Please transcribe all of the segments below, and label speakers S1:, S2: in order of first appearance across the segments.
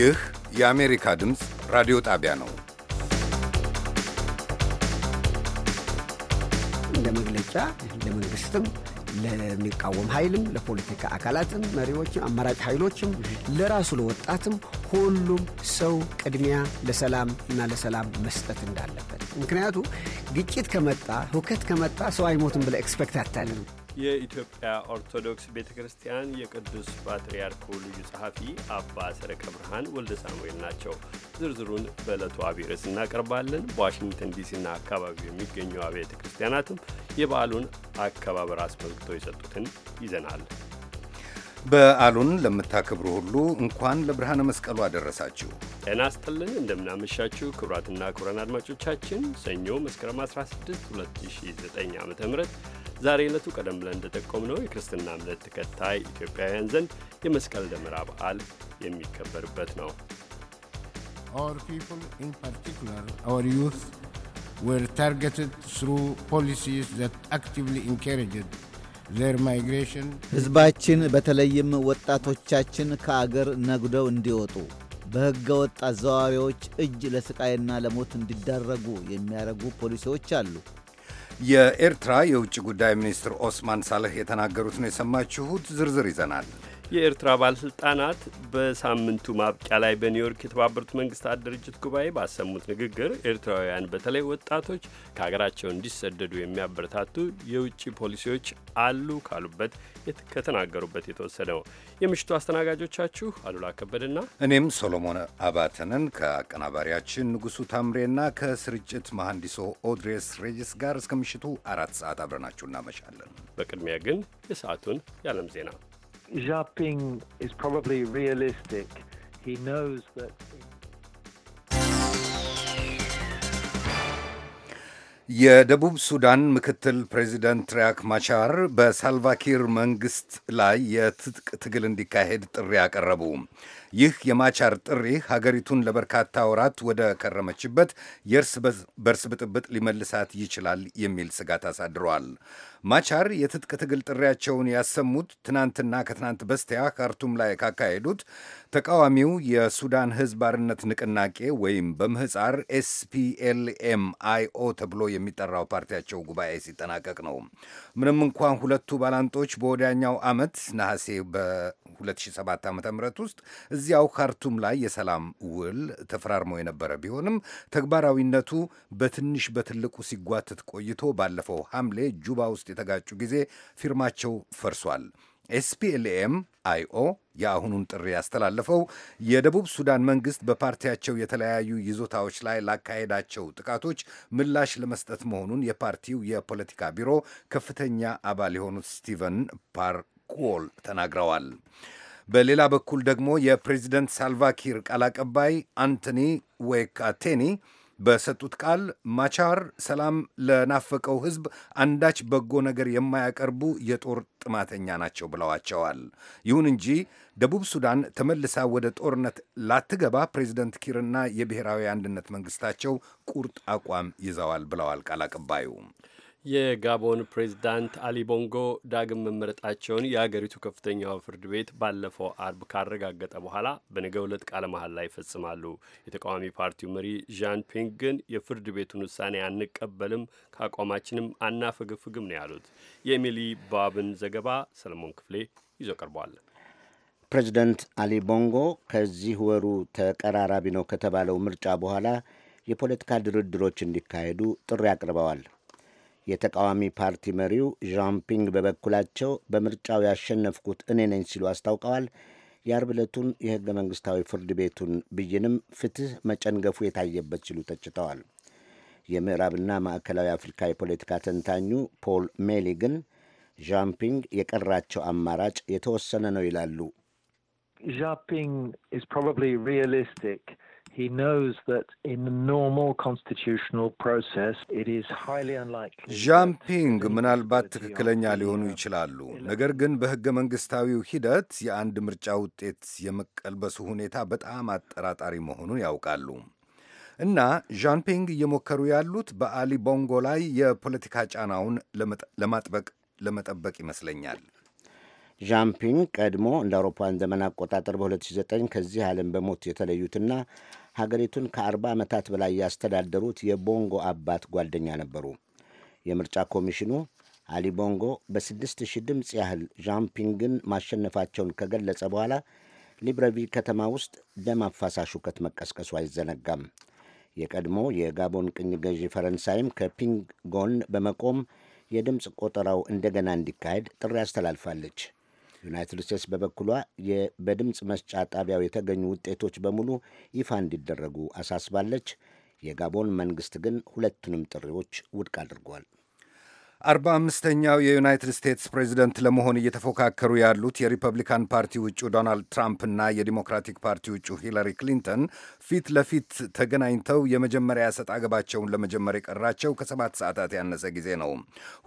S1: ይህ የአሜሪካ ድምፅ ራዲዮ ጣቢያ ነው።
S2: እንደ መግለጫ ለመንግስትም፣ ለሚቃወም ኃይልም፣ ለፖለቲካ አካላትም፣ መሪዎችም፣ አማራጭ ኃይሎችም፣ ለራሱ ለወጣትም ሁሉም ሰው ቅድሚያ ለሰላም እና ለሰላም መስጠት እንዳለበት ምክንያቱ ግጭት ከመጣ ሁከት ከመጣ ሰው አይሞትም ብለ ኤክስፔክት አታለን
S3: የኢትዮጵያ ኦርቶዶክስ ቤተ ክርስቲያን የቅዱስ ፓትርያርኩ ልዩ ጸሐፊ አባ ሰረቀ ብርሃን ወልደ ሳሙኤል ናቸው። ዝርዝሩን በዕለቱ አብይ እናቀርባለን። በዋሽንግተን ዲሲና አካባቢው የሚገኙ አብያተ ክርስቲያናትም የበዓሉን አከባበር አስመልክቶ የሰጡትን ይዘናል።
S1: በዓሉን ለምታከብሩ ሁሉ እንኳን ለብርሃነ መስቀሉ አደረሳችሁ።
S3: ጤና እንደምናመሻችሁ ክቡራትና ክቡራን አድማጮቻችን ሰኞ መስከረም 16 2009 ዓ ም ዛሬ ዕለቱ ቀደም ብለን ነው የክርስትና እምነት ተከታይ ኢትዮጵያውያን ዘንድ የመስቀል ደመራ በዓል የሚከበርበት ነው።
S4: ሕዝባችን
S5: በተለይም ወጣቶቻችን ከአገር ነጉደው እንዲወጡ በሕገ ወጥ አዘዋዋሪዎች እጅ ለሥቃይና ለሞት እንዲዳረጉ የሚያደርጉ ፖሊሲዎች አሉ።
S1: የኤርትራ የውጭ ጉዳይ ሚኒስትር ኦስማን ሳልህ የተናገሩትን የሰማችሁት ዝርዝር ይዘናል።
S3: የኤርትራ ባለስልጣናት በሳምንቱ ማብቂያ ላይ በኒውዮርክ የተባበሩት መንግስታት ድርጅት ጉባኤ ባሰሙት ንግግር ኤርትራውያን በተለይ ወጣቶች ከሀገራቸው እንዲሰደዱ የሚያበረታቱ የውጭ ፖሊሲዎች አሉ ካሉበት ከተናገሩበት የተወሰደ ነው። የምሽቱ አስተናጋጆቻችሁ አሉላ ከበድና
S1: እኔም ሶሎሞን አባተንን ከአቀናባሪያችን ንጉሱ ታምሬና ከስርጭት መሐንዲሶ ኦድሬስ ሬጅስ ጋር እስከ ምሽቱ አራት ሰዓት
S3: አብረናችሁ እናመሻለን። በቅድሚያ ግን የሰዓቱን የዓለም ዜና Xi Jinping is probably realistic. He knows that.
S1: የደቡብ ሱዳን ምክትል ፕሬዚደንት ሪያክ ማቻር በሳልቫኪር መንግስት ላይ የትጥቅ ትግል እንዲካሄድ ጥሪ አቀረቡ። ይህ የማቻር ጥሪ ሀገሪቱን ለበርካታ ወራት ወደ ከረመችበት የእርስ በርስ ብጥብጥ ሊመልሳት ይችላል የሚል ስጋት አሳድረዋል። ማቻር የትጥቅ ትግል ጥሪያቸውን ያሰሙት ትናንትና ከትናንት በስቲያ ካርቱም ላይ ካካሄዱት ተቃዋሚው የሱዳን ሕዝብ አርነት ንቅናቄ ወይም በምህፃር ኤስፒኤልኤም ተብሎ የሚጠራው ፓርቲያቸው ጉባኤ ሲጠናቀቅ ነው። ምንም እንኳን ሁለቱ ባላንጦች በወዲያኛው ዓመት ነሐሴ በ2007 ዓ ም ውስጥ እዚያው ካርቱም ላይ የሰላም ውል ተፈራርሞ የነበረ ቢሆንም ተግባራዊነቱ በትንሽ በትልቁ ሲጓትት ቆይቶ ባለፈው ሐምሌ ጁባ ውስጥ የተጋጩ ጊዜ ፊርማቸው ፈርሷል። ኤስፒኤልኤም አይኦ የአሁኑን ጥሪ ያስተላለፈው የደቡብ ሱዳን መንግስት በፓርቲያቸው የተለያዩ ይዞታዎች ላይ ላካሄዳቸው ጥቃቶች ምላሽ ለመስጠት መሆኑን የፓርቲው የፖለቲካ ቢሮ ከፍተኛ አባል የሆኑት ስቲቨን ፓርኮል ተናግረዋል። በሌላ በኩል ደግሞ የፕሬዚደንት ሳልቫኪር ቃል አቀባይ አንቶኒ ዌካቴኒ በሰጡት ቃል ማቻር ሰላም ለናፈቀው ሕዝብ አንዳች በጎ ነገር የማያቀርቡ የጦር ጥማተኛ ናቸው ብለዋቸዋል። ይሁን እንጂ ደቡብ ሱዳን ተመልሳ ወደ ጦርነት ላትገባ ፕሬዚደንት ኪርና የብሔራዊ አንድነት መንግስታቸው ቁርጥ አቋም ይዘዋል ብለዋል ቃል አቀባዩ።
S3: የጋቦን ፕሬዚዳንት አሊ ቦንጎ ዳግም መመረጣቸውን የአገሪቱ ከፍተኛው ፍርድ ቤት ባለፈው አርብ ካረጋገጠ በኋላ በነገ ዕለት ቃለ መሀል ላይ ይፈጽማሉ። የተቃዋሚ ፓርቲው መሪ ዣን ፒንግ ግን የፍርድ ቤቱን ውሳኔ አንቀበልም፣ ከአቋማችንም አናፈግፍግም ነው ያሉት። የኤሚሊ ባብን ዘገባ ሰለሞን ክፍሌ ይዞ ቀርቧል።
S6: ፕሬዚደንት አሊ ቦንጎ ከዚህ ወሩ ተቀራራቢ ነው ከተባለው ምርጫ በኋላ የፖለቲካ ድርድሮች እንዲካሄዱ ጥሪ አቅርበዋል። የተቃዋሚ ፓርቲ መሪው ዣምፒንግ በበኩላቸው በምርጫው ያሸነፍኩት እኔ ነኝ ሲሉ አስታውቀዋል። የአርብ ዕለቱን የሕገ መንግሥታዊ ፍርድ ቤቱን ብይንም ፍትሕ መጨንገፉ የታየበት ሲሉ ተችተዋል። የምዕራብና ማዕከላዊ አፍሪካ የፖለቲካ ተንታኙ ፖል ሜሊ ግን ዣምፒንግ የቀራቸው አማራጭ የተወሰነ ነው ይላሉ።
S7: ዣን He knows that
S1: in the normal constitutional process it is highly unlikely. ዣምፒንግ ምናልባት ትክክለኛ ሊሆኑ ይችላሉ፣ ነገር ግን በሕገ መንግሥታዊው ሂደት የአንድ ምርጫ ውጤት የመቀልበሱ ሁኔታ በጣም አጠራጣሪ መሆኑን ያውቃሉ። እና ዣምፒንግ እየሞከሩ ያሉት በአሊ ቦንጎ ላይ የፖለቲካ ጫናውን ለማጥበቅ ለመጠበቅ ይመስለኛል። ዣምፒንግ ቀድሞ እንደ አውሮፓውያን
S6: ዘመን አቆጣጠር በ2009 ከዚህ ዓለም በሞት የተለዩትና ሀገሪቱን ከ40 ዓመታት በላይ ያስተዳደሩት የቦንጎ አባት ጓደኛ ነበሩ። የምርጫ ኮሚሽኑ አሊ ቦንጎ በስድስት ሺህ ድምፅ ያህል ዣምፒንግን ማሸነፋቸውን ከገለጸ በኋላ ሊብረቪል ከተማ ውስጥ ደም አፋሳሽ ሁከት መቀስቀሱ አይዘነጋም። የቀድሞ የጋቦን ቅኝ ገዢ ፈረንሳይም ከፒንግ ጎን በመቆም የድምፅ ቆጠራው እንደገና እንዲካሄድ ጥሪ አስተላልፋለች። ዩናይትድ ስቴትስ በበኩሏ በድምፅ መስጫ ጣቢያው የተገኙ ውጤቶች በሙሉ ይፋ እንዲደረጉ አሳስባለች። የጋቦን መንግስት ግን ሁለቱንም ጥሪዎች ውድቅ አድርጓል።
S1: አርባ አምስተኛው የዩናይትድ ስቴትስ ፕሬዚደንት ለመሆን እየተፎካከሩ ያሉት የሪፐብሊካን ፓርቲ ውጩ ዶናልድ ትራምፕ እና የዲሞክራቲክ ፓርቲ ውጩ ሂላሪ ክሊንተን ፊት ለፊት ተገናኝተው የመጀመሪያ ሰጥ አገባቸውን ለመጀመር የቀራቸው ከሰባት ሰዓታት ያነሰ ጊዜ ነው።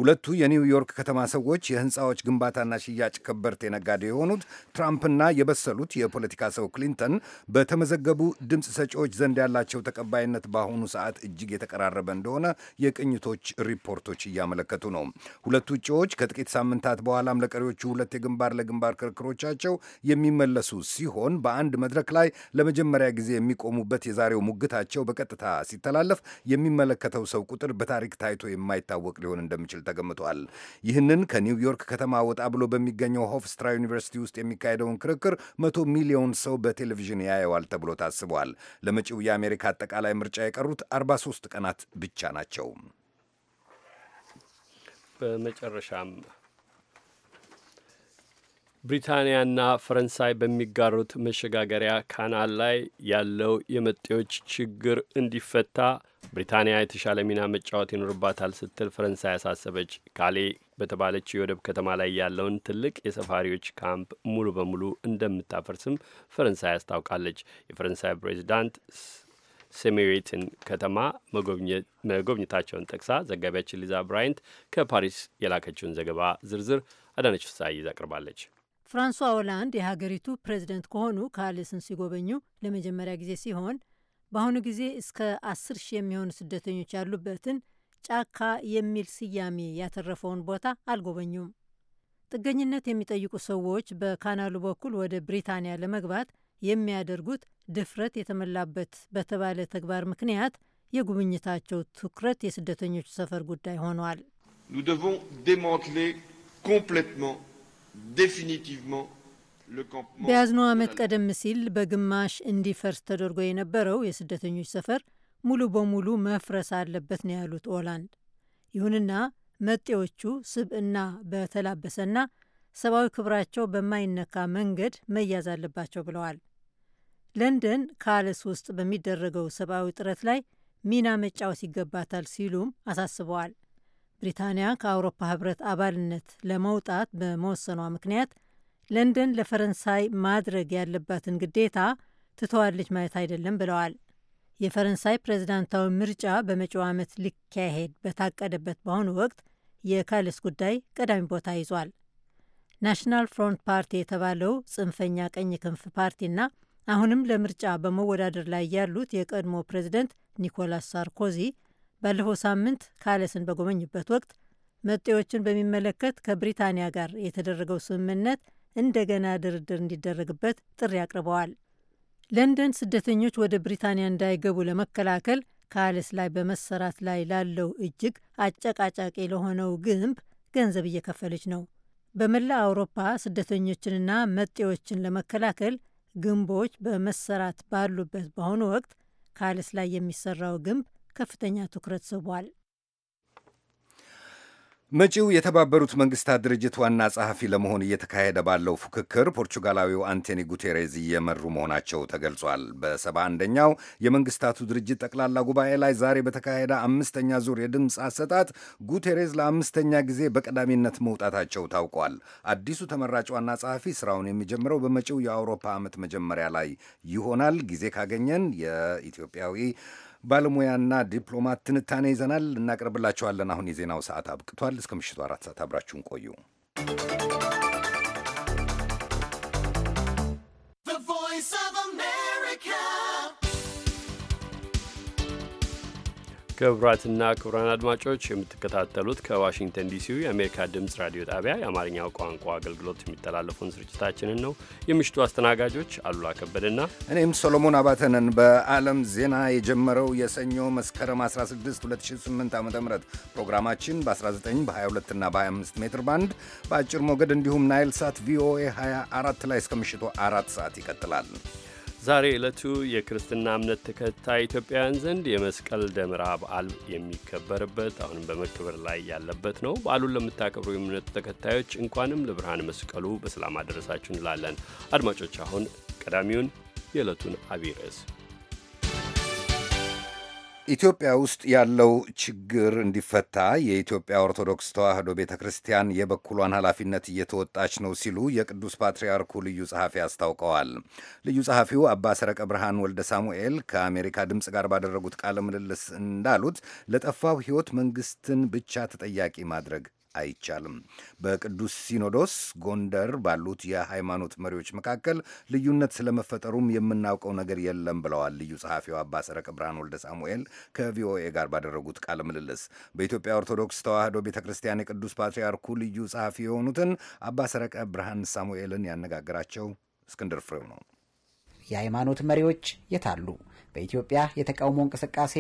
S1: ሁለቱ የኒውዮርክ ከተማ ሰዎች የህንፃዎች ግንባታና ሽያጭ ከበርቴ ነጋዴ የሆኑት ትራምፕና የበሰሉት የፖለቲካ ሰው ክሊንተን በተመዘገቡ ድምፅ ሰጪዎች ዘንድ ያላቸው ተቀባይነት በአሁኑ ሰዓት እጅግ የተቀራረበ እንደሆነ የቅኝቶች ሪፖርቶች እያመለከቱ መመልከቱ ነው። ሁለቱ እጩዎች ከጥቂት ሳምንታት በኋላም ለቀሪዎቹ ሁለት የግንባር ለግንባር ክርክሮቻቸው የሚመለሱ ሲሆን በአንድ መድረክ ላይ ለመጀመሪያ ጊዜ የሚቆሙበት የዛሬው ሙግታቸው በቀጥታ ሲተላለፍ የሚመለከተው ሰው ቁጥር በታሪክ ታይቶ የማይታወቅ ሊሆን እንደሚችል ተገምቷል። ይህንን ከኒውዮርክ ከተማ ወጣ ብሎ በሚገኘው ሆፍስትራ ዩኒቨርሲቲ ውስጥ የሚካሄደውን ክርክር መቶ ሚሊዮን ሰው በቴሌቪዥን ያየዋል ተብሎ ታስቧል። ለመጪው የአሜሪካ አጠቃላይ ምርጫ የቀሩት 43 ቀናት ብቻ ናቸው።
S3: በመጨረሻም ብሪታንያና ፈረንሳይ በሚጋሩት መሸጋገሪያ ካናል ላይ ያለው የመጤዎች ችግር እንዲፈታ ብሪታንያ የተሻለ ሚና መጫወት ይኖርባታል ስትል ፈረንሳይ ያሳሰበች። ካሌ በተባለች የወደብ ከተማ ላይ ያለውን ትልቅ የሰፋሪዎች ካምፕ ሙሉ በሙሉ እንደምታፈርስም ፈረንሳይ አስታውቃለች። የፈረንሳይ ፕሬዚዳንት ሴሜሬትን ከተማ መጎብኘታቸውን ጠቅሳ ዘጋቢያችን ሊዛ ብራይንት ከፓሪስ የላከችውን ዘገባ ዝርዝር አዳነች ፍሳይ ይዛ አቅርባለች።
S8: ፍራንሷ ኦላንድ የሀገሪቱ ፕሬዚደንት ከሆኑ ካሌስን ሲጎበኙ ለመጀመሪያ ጊዜ ሲሆን በአሁኑ ጊዜ እስከ አስር ሺህ የሚሆኑ ስደተኞች ያሉበትን ጫካ የሚል ስያሜ ያተረፈውን ቦታ አልጎበኙም። ጥገኝነት የሚጠይቁ ሰዎች በካናሉ በኩል ወደ ብሪታንያ ለመግባት የሚያደርጉት ድፍረት የተሞላበት በተባለ ተግባር ምክንያት የጉብኝታቸው ትኩረት የስደተኞቹ ሰፈር ጉዳይ ሆኗል።
S9: nous devons démanteler complètement, définitivement በያዝነው ዓመት
S8: ቀደም ሲል በግማሽ እንዲፈርስ ተደርጎ የነበረው የስደተኞች ሰፈር ሙሉ በሙሉ መፍረስ አለበት ነው ያሉት ኦላንድ። ይሁንና መጤዎቹ ስብዕና በተላበሰና ሰብአዊ ክብራቸው በማይነካ መንገድ መያዝ አለባቸው ብለዋል። ለንደን ካለስ ውስጥ በሚደረገው ሰብአዊ ጥረት ላይ ሚና መጫወት ይገባታል ሲሉም አሳስበዋል። ብሪታንያ ከአውሮፓ ህብረት አባልነት ለመውጣት በመወሰኗ ምክንያት ለንደን ለፈረንሳይ ማድረግ ያለባትን ግዴታ ትተዋለች ማለት አይደለም ብለዋል። የፈረንሳይ ፕሬዝዳንታዊ ምርጫ በመጪው ዓመት ሊካሄድ በታቀደበት በአሁኑ ወቅት የካልስ ጉዳይ ቀዳሚ ቦታ ይዟል። ናሽናል ፍሮንት ፓርቲ የተባለው ጽንፈኛ ቀኝ ክንፍ ፓርቲና አሁንም ለምርጫ በመወዳደር ላይ ያሉት የቀድሞ ፕሬዚደንት ኒኮላስ ሳርኮዚ ባለፈው ሳምንት ካለስን በጎበኝበት ወቅት መጤዎችን በሚመለከት ከብሪታንያ ጋር የተደረገው ስምምነት እንደገና ድርድር እንዲደረግበት ጥሪ አቅርበዋል። ለንደን ስደተኞች ወደ ብሪታንያ እንዳይገቡ ለመከላከል ካለስ ላይ በመሰራት ላይ ላለው እጅግ አጨቃጫቂ ለሆነው ግንብ ገንዘብ እየከፈለች ነው። በመላ አውሮፓ ስደተኞችንና መጤዎችን ለመከላከል ግንቦች በመሰራት ባሉበት በአሁኑ ወቅት ካልስ ላይ የሚሰራው ግንብ ከፍተኛ ትኩረት ስቧል።
S1: መጪው የተባበሩት መንግስታት ድርጅት ዋና ጸሐፊ ለመሆን እየተካሄደ ባለው ፉክክር ፖርቹጋላዊው አንቶኒ ጉቴሬዝ እየመሩ መሆናቸው ተገልጿል። በሰባ አንደኛው የመንግስታቱ ድርጅት ጠቅላላ ጉባኤ ላይ ዛሬ በተካሄደ አምስተኛ ዙር የድምፅ አሰጣጥ ጉቴሬዝ ለአምስተኛ ጊዜ በቀዳሚነት መውጣታቸው ታውቋል። አዲሱ ተመራጭ ዋና ጸሐፊ ስራውን የሚጀምረው በመጪው የአውሮፓ ዓመት መጀመሪያ ላይ ይሆናል። ጊዜ ካገኘን የኢትዮጵያዊ ባለሙያና ዲፕሎማት ትንታኔ ይዘናል እናቀርብላችኋለን። አሁን የዜናው ሰዓት አብቅቷል። እስከ ምሽቱ አራት ሰዓት አብራችሁን ቆዩ።
S3: ክቡራትና ክቡራን አድማጮች የምትከታተሉት ከዋሽንግተን ዲሲው የአሜሪካ ድምፅ ራዲዮ ጣቢያ የአማርኛው ቋንቋ አገልግሎት የሚተላለፉን ስርጭታችንን ነው። የምሽቱ አስተናጋጆች አሉላ ከበደና
S1: እኔም ሶሎሞን አባተንን። በዓለም ዜና የጀመረው የሰኞ መስከረም 16 2008 ዓ ም ፕሮግራማችን በ19 በ22 እና በ25 ሜትር ባንድ በአጭር ሞገድ እንዲሁም ናይል ሳት ቪኦኤ 24 ላይ እስከ ምሽቱ
S3: አራት ሰዓት ይቀጥላል። ዛሬ ዕለቱ የክርስትና እምነት ተከታይ ኢትዮጵያውያን ዘንድ የመስቀል ደመራ በዓል የሚከበርበት አሁንም በመከበር ላይ ያለበት ነው። በዓሉን ለምታከብሩ የእምነቱ ተከታዮች እንኳንም ለብርሃን መስቀሉ በሰላም አደረሳችሁ እንላለን። አድማጮች፣ አሁን ቀዳሚውን የዕለቱን አብይ ርዕስ
S1: ኢትዮጵያ ውስጥ ያለው ችግር እንዲፈታ የኢትዮጵያ ኦርቶዶክስ ተዋሕዶ ቤተ ክርስቲያን የበኩሏን ኃላፊነት እየተወጣች ነው ሲሉ የቅዱስ ፓትርያርኩ ልዩ ጸሐፊ አስታውቀዋል። ልዩ ጸሐፊው አባ ሰረቀ ብርሃን ወልደ ሳሙኤል ከአሜሪካ ድምፅ ጋር ባደረጉት ቃለ ምልልስ እንዳሉት ለጠፋው ሕይወት መንግስትን ብቻ ተጠያቂ ማድረግ አይቻልም። በቅዱስ ሲኖዶስ ጎንደር ባሉት የሃይማኖት መሪዎች መካከል ልዩነት ስለመፈጠሩም የምናውቀው ነገር የለም ብለዋል ልዩ ጸሐፊው አባ ሰረቀ ብርሃን ወልደ ሳሙኤል ከቪኦኤ ጋር ባደረጉት ቃለ ምልልስ በኢትዮጵያ ኦርቶዶክስ ተዋህዶ ቤተ ክርስቲያን የቅዱስ ፓትርያርኩ ልዩ ጸሐፊ የሆኑትን አባ ሰረቀ ብርሃን ሳሙኤልን ያነጋገራቸው እስክንድር ፍሬው ነው። የሃይማኖት መሪዎች የታሉ? በኢትዮጵያ የተቃውሞ እንቅስቃሴ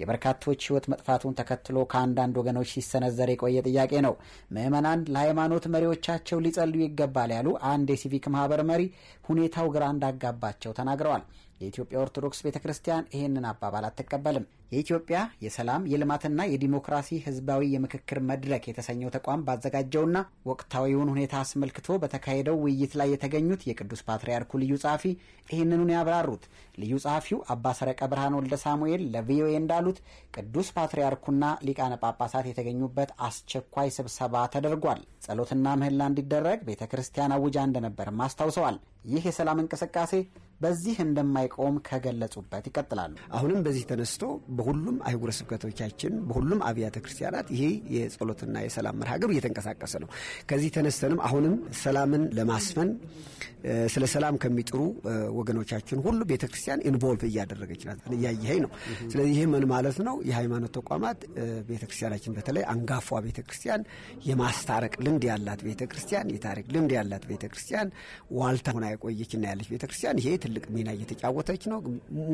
S10: የበርካቶች ሕይወት መጥፋቱን ተከትሎ ከአንዳንድ ወገኖች ሲሰነዘር የቆየ ጥያቄ ነው። ምዕመናን ለሃይማኖት መሪዎቻቸው ሊጸልዩ ይገባል ያሉ አንድ የሲቪክ ማህበር መሪ ሁኔታው ግራ እንዳጋባቸው ተናግረዋል። የኢትዮጵያ ኦርቶዶክስ ቤተ ክርስቲያን ይህንን አባባል አትቀበልም። የኢትዮጵያ የሰላም የልማትና የዲሞክራሲ ህዝባዊ የምክክር መድረክ የተሰኘው ተቋም ባዘጋጀውና ወቅታዊውን ሁኔታ አስመልክቶ በተካሄደው ውይይት ላይ የተገኙት የቅዱስ ፓትርያርኩ ልዩ ጸሐፊ ይህንኑን ያብራሩት። ልዩ ጸሐፊው አባ ሰረቀ ብርሃን ወልደ ሳሙኤል ለቪኦኤ እንዳሉት ቅዱስ ፓትርያርኩና ሊቃነ ጳጳሳት የተገኙበት አስቸኳይ ስብሰባ ተደርጓል። ጸሎትና ምህላ እንዲደረግ ቤተ ክርስቲያን አውጃ እንደነበርም አስታውሰዋል። ይህ
S2: የሰላም እንቅስቃሴ በዚህ እንደማይቆም ከገለጹበት ይቀጥላሉ። አሁንም በዚህ ተነስቶ በሁሉም አህጉረ ስብከቶቻችን በሁሉም አብያተ ክርስቲያናት ይሄ የጸሎትና የሰላም መርሃ ግብር እየተንቀሳቀሰ ነው። ከዚህ ተነስተንም አሁንም ሰላምን ለማስፈን ስለ ሰላም ከሚጥሩ ወገኖቻችን ሁሉ ቤተ ክርስቲያን ኢንቮልቭ እያደረገች ናት፣ እያየኸኝ ነው። ስለዚህ ይህ ምን ማለት ነው? የሃይማኖት ተቋማት ቤተ ክርስቲያናችን በተለይ አንጋፏ ቤተ ክርስቲያን የማስታረቅ ልምድ ያላት ቤተ ክርስቲያን፣ የታሪክ ልምድ ያላት ቤተ ክርስቲያን፣ ዋልታ ሆና እና ያለች ቤተ ክርስቲያን ይሄ ትልቅ ሚና እየተጫወተች ነው።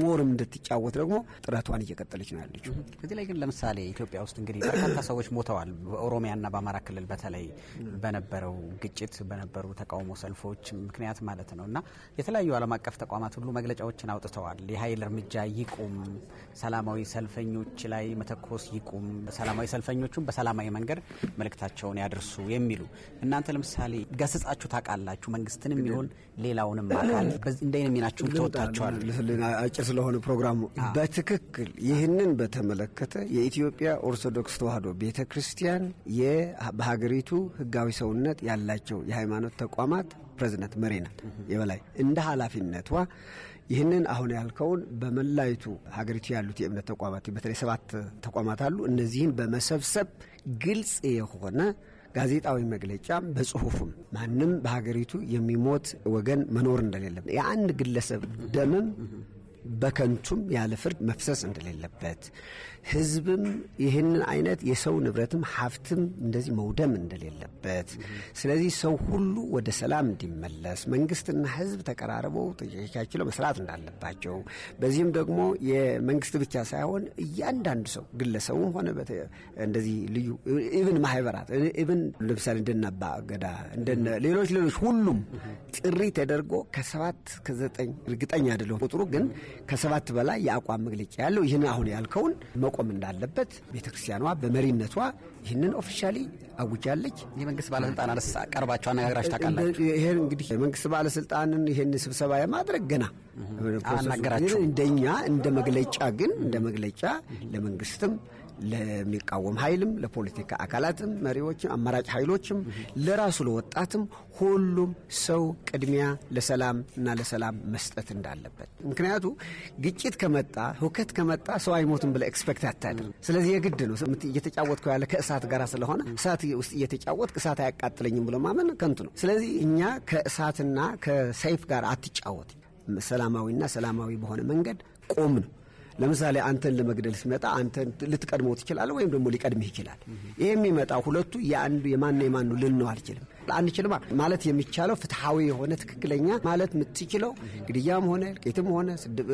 S2: ሞርም እንድትጫወት ደግሞ ጥረቷን እየቀጠ የቀጠለች ነው ያለችው። እዚህ ላይ ግን ለምሳሌ
S10: ኢትዮጵያ ውስጥ እንግዲህ በርካታ ሰዎች ሞተዋል። በኦሮሚያና በአማራ ክልል በተለይ በነበረው ግጭት በነበሩ ተቃውሞ ሰልፎች ምክንያት ማለት ነው እና የተለያዩ ዓለም አቀፍ ተቋማት ሁሉ መግለጫዎችን አውጥተዋል። የኃይል እርምጃ ይቁም፣ ሰላማዊ ሰልፈኞች ላይ መተኮስ ይቁም፣ ሰላማዊ ሰልፈኞቹም በሰላማዊ መንገድ መልእክታቸውን ያደርሱ የሚሉ እናንተ ለምሳሌ ገስጻችሁ ታውቃላችሁ? መንግስትንም ይሁን ሌላውንም አካል
S2: እንደ ሚናችሁን ተወጣችኋል። አጭር ስለሆነ ፕሮግራሙ በትክክል ይሄ ይህንን በተመለከተ የኢትዮጵያ ኦርቶዶክስ ተዋህዶ ቤተ ክርስቲያን በሀገሪቱ ህጋዊ ሰውነት ያላቸው የሃይማኖት ተቋማት ፕሬዝደንት መሪ ናት። የበላይ እንደ ኃላፊነቷ ይህንን አሁን ያልከውን በመላይቱ ሀገሪቱ ያሉት የእምነት ተቋማት በተለይ ሰባት ተቋማት አሉ። እነዚህም በመሰብሰብ ግልጽ የሆነ ጋዜጣዊ መግለጫ በጽሁፉም ማንም በሀገሪቱ የሚሞት ወገን መኖር እንደሌለም የአንድ ግለሰብ ደምም በከንቱም ያለ ፍርድ መፍሰስ እንደሌለበት ህዝብም ይህንን አይነት የሰው ንብረትም ሀብትም እንደዚህ መውደም እንደሌለበት፣ ስለዚህ ሰው ሁሉ ወደ ሰላም እንዲመለስ መንግስትና ህዝብ ተቀራርበው ጥያቄያቸው መስራት እንዳለባቸው፣ በዚህም ደግሞ የመንግስት ብቻ ሳይሆን እያንዳንዱ ሰው ግለሰቡም ሆነ እንደዚህ ልዩ ኢቭን ማህበራት ኢቭን ለምሳሌ እንደናባ ገዳ እንደነ ሌሎች ሌሎች ሁሉም ጥሪ ተደርጎ ከሰባት ከዘጠኝ እርግጠኛ አይደለሁም ቁጥሩ ግን ከሰባት በላይ የአቋም መግለጫ ያለው ይህን አሁን ያልከውን መቆም እንዳለበት ቤተክርስቲያኗ በመሪነቷ ይህንን ኦፊሻሊ አውጃለች። የመንግስት ባለስልጣን አለስ ቀርባቸው አነጋግራች ታውቃላችሁ? ይህን እንግዲህ የመንግስት ባለስልጣንን ይህን ስብሰባ የማድረግ ገና አናገራቸው። እንደኛ እንደ መግለጫ ግን እንደ መግለጫ ለመንግስትም ለሚቃወም ኃይልም ለፖለቲካ አካላትም መሪዎችም አማራጭ ኃይሎችም ለራሱ ለወጣትም ሁሉም ሰው ቅድሚያ ለሰላም እና ለሰላም መስጠት እንዳለበት። ምክንያቱ ግጭት ከመጣ ህውከት ከመጣ ሰው አይሞትም ብለ ኤክስፔክት አታድር። ስለዚህ የግድ ነው እየተጫወትከው ያለ ከእሳት ጋር ስለሆነ እሳት ውስጥ እየተጫወትክ እሳት አያቃጥለኝም ብሎ ማመን ከንቱ ነው። ስለዚህ እኛ ከእሳትና ከሰይፍ ጋር አትጫወት። ሰላማዊና ሰላማዊ በሆነ መንገድ ቆም ነው። ለምሳሌ አንተን ለመግደል ሲመጣ አንተን ልትቀድመው ትችላለህ፣ ወይም ደግሞ ሊቀድምህ ይችላል። ይህ የሚመጣ ሁለቱ የአንዱ የማን የማኑ ልንነው አልችልም አንችልም ማለት የሚቻለው ፍትሐዊ የሆነ ትክክለኛ ማለት የምትችለው ግድያም ሆነ እልቂትም ሆነ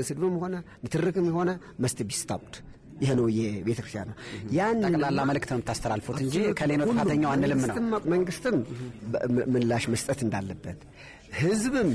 S2: ስድብም ሆነ ንትርክም የሆነ መስት ቢስታቡድ ይህ ነው የቤተ ክርስቲያን ነው። ያን ጠቅላላ መልእክት ነው የምታስተላልፉት እንጂ ከሌ ነው ጥፋተኛው አንልም ነው መንግስትም ምላሽ መስጠት እንዳለበት ህዝብም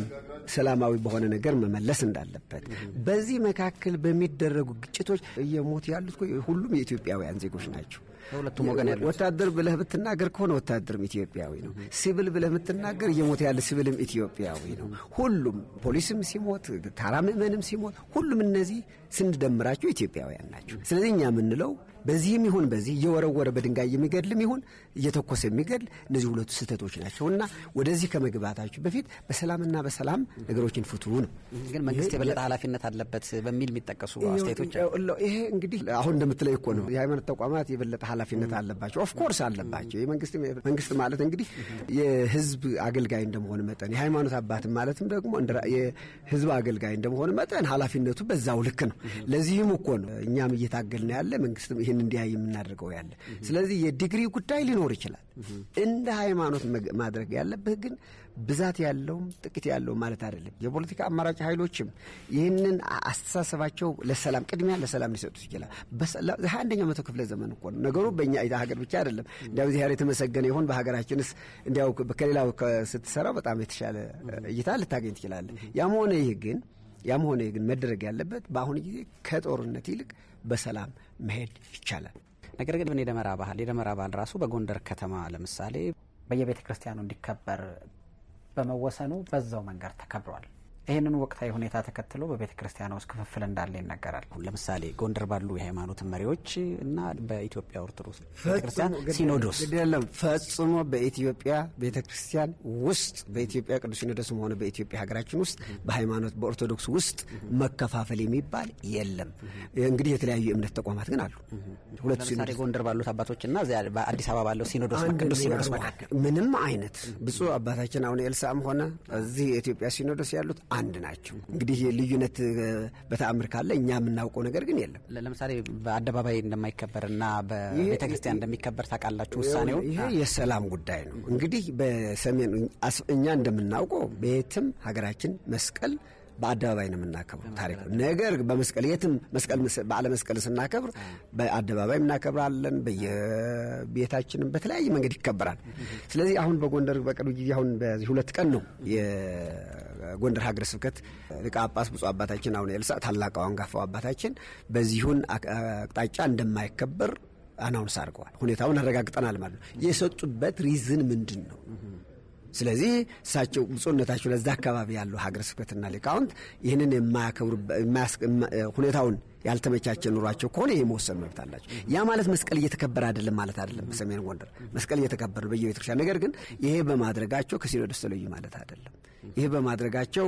S2: ሰላማዊ በሆነ ነገር መመለስ እንዳለበት በዚህ መካከል በሚደረጉ ግጭቶች እየሞት ያሉት ሁሉም የኢትዮጵያውያን ዜጎች ናቸው።
S11: ሁለቱም ወገን ያሉት
S2: ወታደር ብለህ ብትናገር ከሆነ ወታደርም ኢትዮጵያዊ ነው። ሲቪል ብለህ ብትናገር እየሞት ያለ ሲቪልም ኢትዮጵያዊ ነው። ሁሉም ፖሊስም ሲሞት፣ ታራ ምዕመንም ሲሞት ሁሉም እነዚህ ስንደምራችሁ ኢትዮጵያውያን ናችሁ። ስለዚህ እኛ የምንለው በዚህም ይሁን በዚህ እየወረወረ በድንጋይ የሚገድልም ይሁን እየተኮሰ የሚገድል እነዚህ ሁለቱ ስህተቶች ናቸው እና ወደዚህ ከመግባታችሁ በፊት በሰላምና በሰላም ነገሮችን ፍቱ ነው። ግን መንግስት የበለጠ ኃላፊነት አለበት በሚል የሚጠቀሱ አስተያየቶች ይሄ እንግዲህ አሁን እንደምትለው እኮ ነው። የሃይማኖት ተቋማት የበለጠ ኃላፊነት አለባቸው። ኦፍኮርስ አለባቸው። መንግስት ማለት እንግዲህ የህዝብ አገልጋይ እንደመሆን መጠን የሃይማኖት አባትም ማለትም ደግሞ የህዝብ አገልጋይ እንደመሆን መጠን ኃላፊነቱ በዛው ልክ ነው። ለዚህም እኮ ነው እኛም እየታገልን ያለ መንግስትም ይህን እንዲያ የምናደርገው ያለ። ስለዚህ የዲግሪ ጉዳይ ሊኖር ይችላል። እንደ ሃይማኖት ማድረግ ያለብህ ግን ብዛት ያለውም ጥቂት ያለው ማለት አይደለም። የፖለቲካ አማራጭ ኃይሎችም ይህንን አስተሳሰባቸው ለሰላም ቅድሚያ ለሰላም ሊሰጡ ይችላል። ሀያ አንደኛው መቶ ክፍለ ዘመን እኮ ነው ነገሩ። በእኛ ሀገር ብቻ አይደለም። እንዲያው ዚህር የተመሰገነ ይሆን በሀገራችንስ እንዲያው ከሌላው ስትሰራው በጣም የተሻለ እይታ ልታገኝ ትችላለህ። ያም ሆነ ይህ ግን ያም ሆነ ግን መደረግ ያለበት በአሁኑ ጊዜ ከጦርነት ይልቅ በሰላም መሄድ ይቻላል።
S10: ነገር ግን የደመራ ባህል የደመራ ባህል ራሱ በጎንደር ከተማ ለምሳሌ በየቤተ ክርስቲያኑ እንዲከበር በመወሰኑ በዛው መንገድ ተከብሯል። ይህንን ወቅታዊ ሁኔታ ተከትሎ በቤተ ክርስቲያን ውስጥ ክፍፍል እንዳለ ይነገራል። ለምሳሌ ጎንደር ባሉ
S2: የሃይማኖት መሪዎች እና በኢትዮጵያ ኦርቶዶክስ ቤተክርስቲያን ሲኖዶስ ለም ፈጽሞ በኢትዮጵያ ቤተ ክርስቲያን ውስጥ በኢትዮጵያ ቅዱስ ሲኖዶስም ሆነ በኢትዮጵያ ሀገራችን ውስጥ በሃይማኖት በኦርቶዶክስ ውስጥ መከፋፈል የሚባል የለም። እንግዲህ የተለያዩ የእምነት ተቋማት ግን አሉ። ለምሳሌ ጎንደር ባሉት እና አዲስ አበባ ባለው ሲኖዶስ ቅዱስ ሲኖዶስ መካከል ምንም አይነት ብፁዕ አባታችን አሁን ኤልሳም ሆነ እዚህ የኢትዮጵያ ሲኖዶስ ያሉት አንድ ናቸው። እንግዲህ ልዩነት በተአምር ካለ እኛ የምናውቀው ነገር ግን የለም። ለምሳሌ በአደባባይ እንደማይከበር በቤተ ክርስቲያን እንደሚከበር ታውቃላችሁ። ውሳኔው ይሄ የሰላም ጉዳይ ነው። እንግዲህ በሰሜን እኛ እንደምናውቀው ቤትም ሀገራችን መስቀል በአደባባይ ነው የምናከብረው ታሪኩ። ነገር በመስቀል የትም መስቀል በዓለ መስቀል ስናከብር በአደባባይ እናከብራለን። በየቤታችንም በተለያየ መንገድ ይከበራል። ስለዚህ አሁን በጎንደር በቅርብ ጊዜ አሁን በዚህ ሁለት ቀን ነው የጎንደር ሀገረ ስብከት ሊቀ ጳጳስ ብፁዕ አባታችን አሁን ኤልሳ ታላቅ አንጋፋው አባታችን በዚሁን አቅጣጫ እንደማይከበር አናውንስ አድርገዋል። ሁኔታውን አረጋግጠናል ማለት ነው። የሰጡበት ሪዝን ምንድን ነው? ስለዚህ እሳቸው ብፁዕነታቸው ለዛ አካባቢ ያለው ሀገረ ስብከትና ሊቃውንት ይህንን የማያከብሩ ሁኔታውን ያልተመቻቸ ኑሯቸው ከሆነ መወሰን መብት አላቸው። ያ ማለት መስቀል እየተከበረ አይደለም ማለት አይደለም። በሰሜን ጎንደር መስቀል እየተከበረ በየቤተ ነገር ግን ይሄ በማድረጋቸው ከሲኖዶስ ተለዩ ማለት አይደለም። ይሄ በማድረጋቸው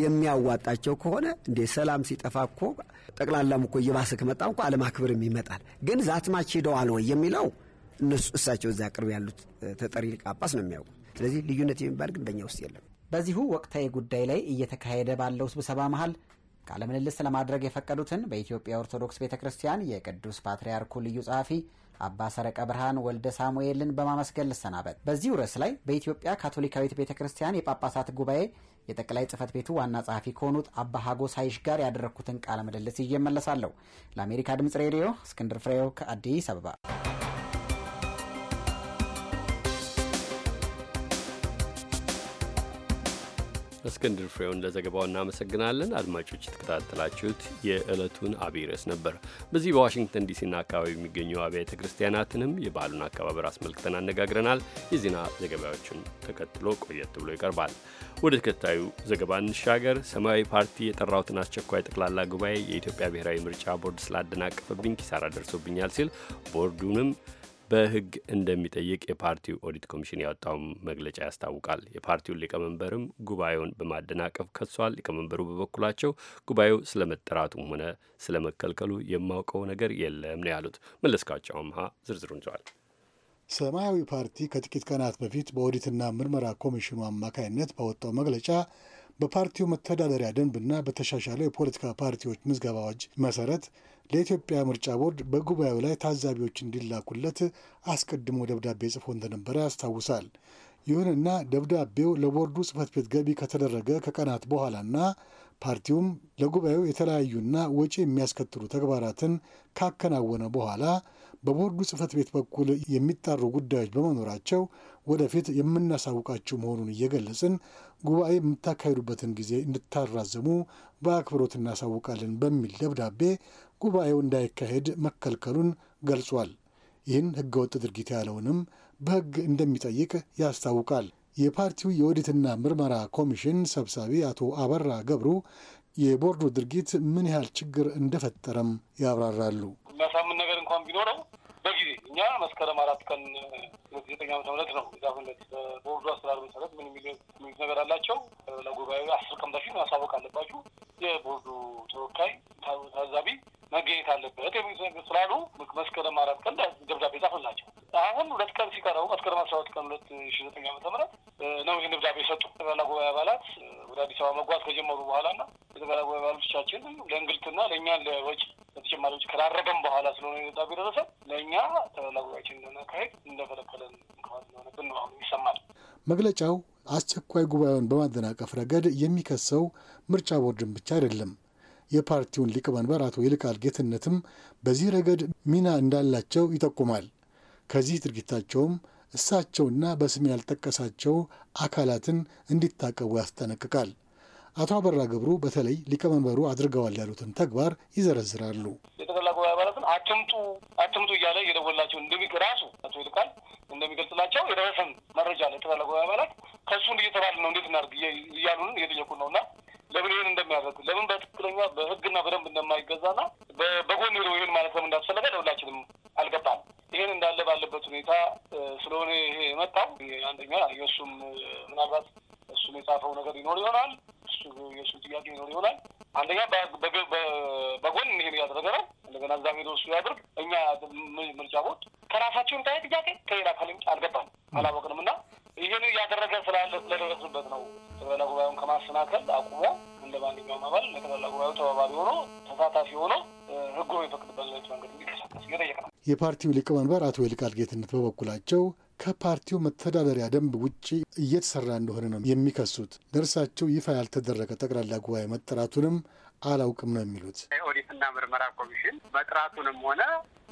S2: የሚያዋጣቸው ከሆነ እንደ ሰላም ሲጠፋ እኮ ጠቅላላም እኮ እየባሰ ከመጣ እኮ አለማክብርም ይመጣል። ግን ዛትማች ሄደዋል ወይ የሚለው እነሱ እሳቸው እዚያ ቅርብ ያሉት ተጠሪ ጳጳስ ነው የሚያውቁ ስለዚህ ልዩነት የሚባል ግን በእኛ ውስጥ የለም። በዚሁ ወቅታዊ ጉዳይ ላይ
S10: እየተካሄደ ባለው ስብሰባ መሀል ቃለ ምልልስ ለማድረግ የፈቀዱትን በኢትዮጵያ ኦርቶዶክስ ቤተ ክርስቲያን የቅዱስ ፓትርያርኩ ልዩ ጸሐፊ አባ ሰረቀ ብርሃን ወልደ ሳሙኤልን በማመስገን ልሰናበት። በዚሁ ርዕስ ላይ በኢትዮጵያ ካቶሊካዊት ቤተ ክርስቲያን የጳጳሳት ጉባኤ የጠቅላይ ጽህፈት ቤቱ ዋና ጸሐፊ ከሆኑት አባ ሀጎ ሳይሽ ጋር ያደረግኩትን ቃለ ምልልስ ይዤ ለአሜሪካ ድምጽ ሬዲዮ እስክንድር ፍሬው ከአዲስ አበባ
S3: እስክንድር ፍሬውን ለዘገባው እናመሰግናለን። አድማጮች የተከታተላችሁት የዕለቱን አብይ ርዕስ ነበር። በዚህ በዋሽንግተን ዲሲና አካባቢ የሚገኙ አብያተ ክርስቲያናትንም የበዓሉን አከባበር አስመልክተን አነጋግረናል። የዜና ዘገባዎችን ተከትሎ ቆየት ብሎ ይቀርባል። ወደ ተከታዩ ዘገባ እንሻገር። ሰማያዊ ፓርቲ የጠራውትን አስቸኳይ ጠቅላላ ጉባኤ የኢትዮጵያ ብሔራዊ ምርጫ ቦርድ ስላደናቀፈብኝ ኪሳራ ደርሶብኛል ሲል ቦርዱንም በሕግ እንደሚጠይቅ የፓርቲው ኦዲት ኮሚሽን ያወጣው መግለጫ ያስታውቃል። የፓርቲውን ሊቀመንበርም ጉባኤውን በማደናቀፍ ከሷል። ሊቀመንበሩ በበኩላቸው ጉባኤው ስለመጠራቱም ሆነ ስለመከልከሉ የማውቀው ነገር የለም ነው ያሉት። መለስካቸው አምሃ ዝርዝሩን ይዘዋል።
S12: ሰማያዊ ፓርቲ ከጥቂት ቀናት በፊት በኦዲትና ምርመራ ኮሚሽኑ አማካይነት ባወጣው መግለጫ በፓርቲው መተዳደሪያ ደንብና በተሻሻለው የፖለቲካ ፓርቲዎች ምዝገባዎች መሰረት ለኢትዮጵያ ምርጫ ቦርድ በጉባኤው ላይ ታዛቢዎች እንዲላኩለት አስቀድሞ ደብዳቤ ጽፎ እንደነበረ ያስታውሳል። ይሁንና ደብዳቤው ለቦርዱ ጽህፈት ቤት ገቢ ከተደረገ ከቀናት በኋላና ፓርቲውም ለጉባኤው የተለያዩና ወጪ የሚያስከትሉ ተግባራትን ካከናወነ በኋላ በቦርዱ ጽህፈት ቤት በኩል የሚጣሩ ጉዳዮች በመኖራቸው ወደፊት የምናሳውቃችሁ መሆኑን እየገለጽን ጉባኤ የምታካሂዱበትን ጊዜ እንድታራዘሙ በአክብሮት እናሳውቃለን በሚል ደብዳቤ ጉባኤው እንዳይካሄድ መከልከሉን ገልጿል። ይህን ህገወጥ ድርጊት ያለውንም በህግ እንደሚጠይቅ ያስታውቃል። የፓርቲው የኦዲትና ምርመራ ኮሚሽን ሰብሳቢ አቶ አበራ ገብሩ የቦርዱ ድርጊት ምን ያህል ችግር እንደፈጠረም ያብራራሉ።
S13: የሚያሳምን ነገር እንኳን ቢኖረው በጊዜ እኛ መስከረም አራት ቀን ሁለት ዘጠኝ ዓመተ ምህረት ነው ዛፍነት በቦርዱ አሰራር መሰረት ምን የሚል ነገር አላቸው። ለጉባኤ አስር ቀን በፊት ማሳወቅ አለባችሁ። የቦርዱ ተወካይ ታዛቢ መገኘት አለበት የሚሉት መንግስት ስላሉ መስከረም አራት ቀን ደብዳቤ ጻፈላቸው። አሁን ሁለት ቀን ሲቀረው መስከረም አስራ ሁለት ቀን ሁለት ሺ ዘጠኝ ዓመተ ምህረት ነው ይህን ደብዳቤ የሰጡ ጠቅላላ ጉባኤ አባላት ወደ አዲስ አበባ መጓዝ ከጀመሩ በኋላ ና የጠቅላላ ጉባኤ አባሎቻችን ለእንግልትና ለእኛ ለወጪ በተጨማሪ ወጪ ከዳረገም በኋላ ስለሆነ ደብዳቤ ደረሰ ለእኛ ጠቅላላ ጉባኤችን ለማካሄድ እንደፈለከለን ሆነ ግን ነው አሁን
S12: ይሰማል መግለጫው። አስቸኳይ ጉባኤውን በማደናቀፍ ረገድ የሚከሰው ምርጫ ቦርድን ብቻ አይደለም። የፓርቲውን ሊቀመንበር አቶ ይልቃል ጌትነትም በዚህ ረገድ ሚና እንዳላቸው ይጠቁማል። ከዚህ ድርጊታቸውም እሳቸውና በስም ያልጠቀሳቸው አካላትን እንዲታቀቡ ያስጠነቅቃል። አቶ አበራ ገብሩ በተለይ ሊቀመንበሩ አድርገዋል ያሉትን ተግባር ይዘረዝራሉ። የጠቅላላ
S13: ጉባኤ አባላትን አትምጡ አትምጡ እያለ እየደወላቸው እንደሚ ራሱ አቶ ይልቃል እንደሚገልጽላቸው የደረሰን መረጃ ለጠቅላላ ጉባኤ አባላት ከእሱ እየተባለ ነው እንዴት እናድርግ እያሉን እየጠየቁን ነው እና ለምን ይህን እንደሚያደርግ ለምን በትክክለኛ በህግና በደንብ እንደማይገዛና በጎን ሄዶ ይህን ማለት ለምን እንዳስፈለገ ለሁላችንም አልገባም። ይህን እንዳለ ባለበት ሁኔታ ስለሆነ ይሄ የመጣው አንደኛ የእሱም ምናልባት እሱም የጻፈው ነገር ይኖር ይሆናል። እሱ የእሱ ጥያቄ ይኖር ይሆናል። አንደኛ በጎን ይሄን እያደረገ ነው። እንደገና እዛ ሄዶ እሱ ያድርግ። እኛ ምርጫ ቦርድ ከራሳቸውን ታይ ጥያቄ ከሌላ ካልም አልገባም አላወቅንም እና ይህን እያደረገ ስለደረሱበት ነው ጠቅላላ ጉባኤውን ከማሰናከል አቁሞ እንደ ማንኛውም አባል ለጠቅላላ ጉባኤው ተባባሪ ሆኖ ተሳታፊ ሆኖ ህጉ የፈቅድበት መንገድ እንዲንቀሳቀስ
S12: እየጠየቅ ነው። የፓርቲው ሊቀመንበር አቶ ይልቃል ጌትነት በበኩላቸው ከፓርቲው መተዳደሪያ ደንብ ውጭ እየተሰራ እንደሆነ ነው የሚከሱት። ለእርሳቸው ይፋ ያልተደረገ ጠቅላላ ጉባኤ መጠራቱንም አላውቅም ነው የሚሉት።
S14: ኦዲትና ምርመራ ኮሚሽን መጥራቱንም ሆነ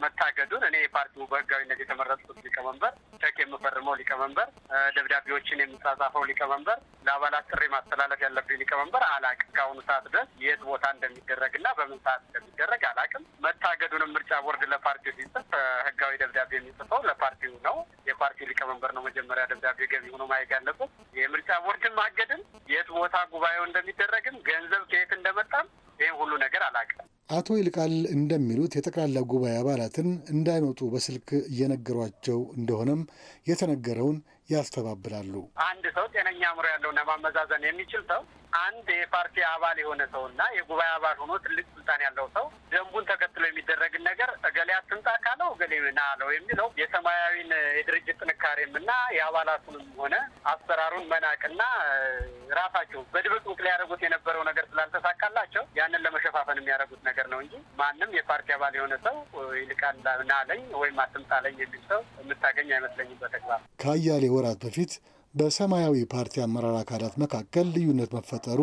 S14: መታገዱን እኔ የፓርቲው በህጋዊነት የተመረጡት ሊቀመንበር፣ ቸክ የምፈርመው ሊቀመንበር፣ ደብዳቤዎችን የምጻጻፈው ሊቀመንበር፣ ለአባላት ጥሪ ማስተላለፍ ያለብኝ ሊቀመንበር አላቅም። ከአሁኑ ሰዓት ድረስ የት ቦታ እንደሚደረግ እና በምን ሰዓት እንደሚደረግ አላቅም። መታገዱንም ምርጫ ቦርድ ለፓርቲው ሲጽፍ ህጋዊ ደብዳቤ የሚጽፈው ለፓርቲው ነው። የፓርቲው ሊቀመንበር ነው መጀመሪያ ደብዳቤ ገቢ ሆኖ ማየት ያለበት። የምርጫ ቦርድን ማገድም የት ቦታ ጉባኤው እንደሚደረግም
S7: ገንዘብ ከየት እንደመጣም
S12: ይህን ሁሉ ነገር አላቅም። አቶ ይልቃል እንደሚሉት የጠቅላላ ጉባኤ አባላትን እንዳይመጡ በስልክ እየነገሯቸው እንደሆነም የተነገረውን ያስተባብላሉ።
S14: አንድ ሰው ጤነኛ አእምሮ ያለው ማመዛዘን የሚችል ሰው አንድ የፓርቲ አባል የሆነ ሰው እና የጉባኤ አባል ሆኖ ትልቅ ስልጣን ያለው ሰው ደንቡን ተከትሎ የሚደረግን ነገር እገሌ አትምጣ ካለው እገሌ ና አለው የሚለው የሰማያዊን የድርጅት ጥንካሬም እና የአባላቱንም ሆነ አሰራሩን መናቅና ራሳቸው በድብቅ ውቅ ሊያደርጉት የነበረው ነገር ስላልተሳካላቸው ያንን ለመሸፋፈን የሚያደርጉት ነገር ነው እንጂ ማንም የፓርቲ አባል የሆነ ሰው ይልቃል ናለኝ ወይም አትምጣለኝ የሚል ሰው የምታገኝ አይመስለኝም። በተግባር
S12: ከአያሌ ወራት በፊት በሰማያዊ ፓርቲ አመራር አካላት መካከል ልዩነት መፈጠሩ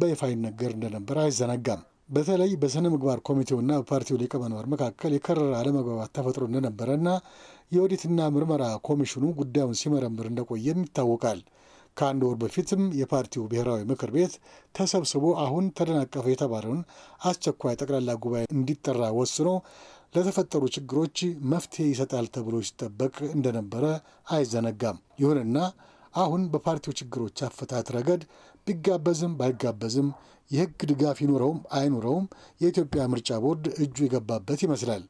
S12: በይፋ ይነገር እንደነበር አይዘነጋም። በተለይ በስነ ምግባር ኮሚቴውና በፓርቲው ሊቀመንበር መካከል የከረረ አለመግባባት ተፈጥሮ እንደነበረና የኦዲትና ምርመራ ኮሚሽኑ ጉዳዩን ሲመረምር እንደቆየም ይታወቃል። ከአንድ ወር በፊትም የፓርቲው ብሔራዊ ምክር ቤት ተሰብስቦ አሁን ተደናቀፈ የተባለውን አስቸኳይ ጠቅላላ ጉባኤ እንዲጠራ ወስኖ ለተፈጠሩ ችግሮች መፍትሄ ይሰጣል ተብሎ ሲጠበቅ እንደነበረ አይዘነጋም። ይሁንና አሁን በፓርቲው ችግሮች አፈታት ረገድ ቢጋበዝም ባይጋበዝም የህግ ድጋፍ ይኑረውም አይኑረውም የኢትዮጵያ ምርጫ ቦርድ እጁ የገባበት ይመስላል።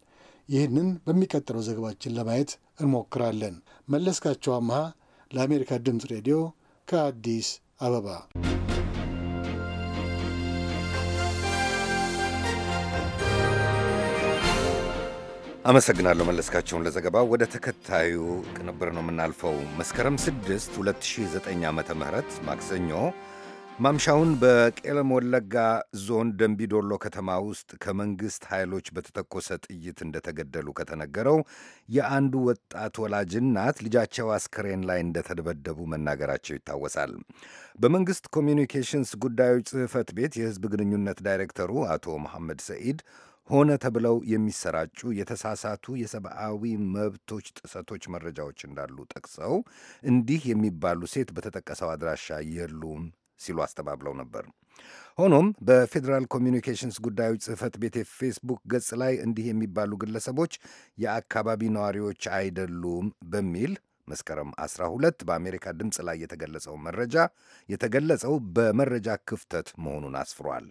S12: ይህንን በሚቀጥለው ዘገባችን ለማየት እንሞክራለን። መለስካቸው አምሃ ለአሜሪካ ድምፅ ሬዲዮ ከአዲስ አበባ
S1: አመሰግናለሁ መለስካቸውን ለዘገባው። ወደ ተከታዩ ቅንብር ነው የምናልፈው። መስከረም 6 2009 ዓ ም ማክሰኞ ማምሻውን በቄለም ወለጋ ዞን ደንቢዶሎ ከተማ ውስጥ ከመንግሥት ኃይሎች በተተኮሰ ጥይት እንደተገደሉ ከተነገረው የአንዱ ወጣት ወላጅ እናት ልጃቸው አስክሬን ላይ እንደተደበደቡ መናገራቸው ይታወሳል። በመንግሥት ኮሚኒኬሽንስ ጉዳዮች ጽሕፈት ቤት የሕዝብ ግንኙነት ዳይሬክተሩ አቶ መሐመድ ሰኢድ ሆነ ተብለው የሚሰራጩ የተሳሳቱ የሰብአዊ መብቶች ጥሰቶች መረጃዎች እንዳሉ ጠቅሰው እንዲህ የሚባሉ ሴት በተጠቀሰው አድራሻ የሉም ሲሉ አስተባብለው ነበር። ሆኖም በፌዴራል ኮሚኒኬሽንስ ጉዳዮች ጽህፈት ቤት የፌስቡክ ገጽ ላይ እንዲህ የሚባሉ ግለሰቦች የአካባቢ ነዋሪዎች አይደሉም በሚል መስከረም 12 በአሜሪካ ድምፅ ላይ የተገለጸው መረጃ የተገለጸው በመረጃ ክፍተት መሆኑን አስፍሯል።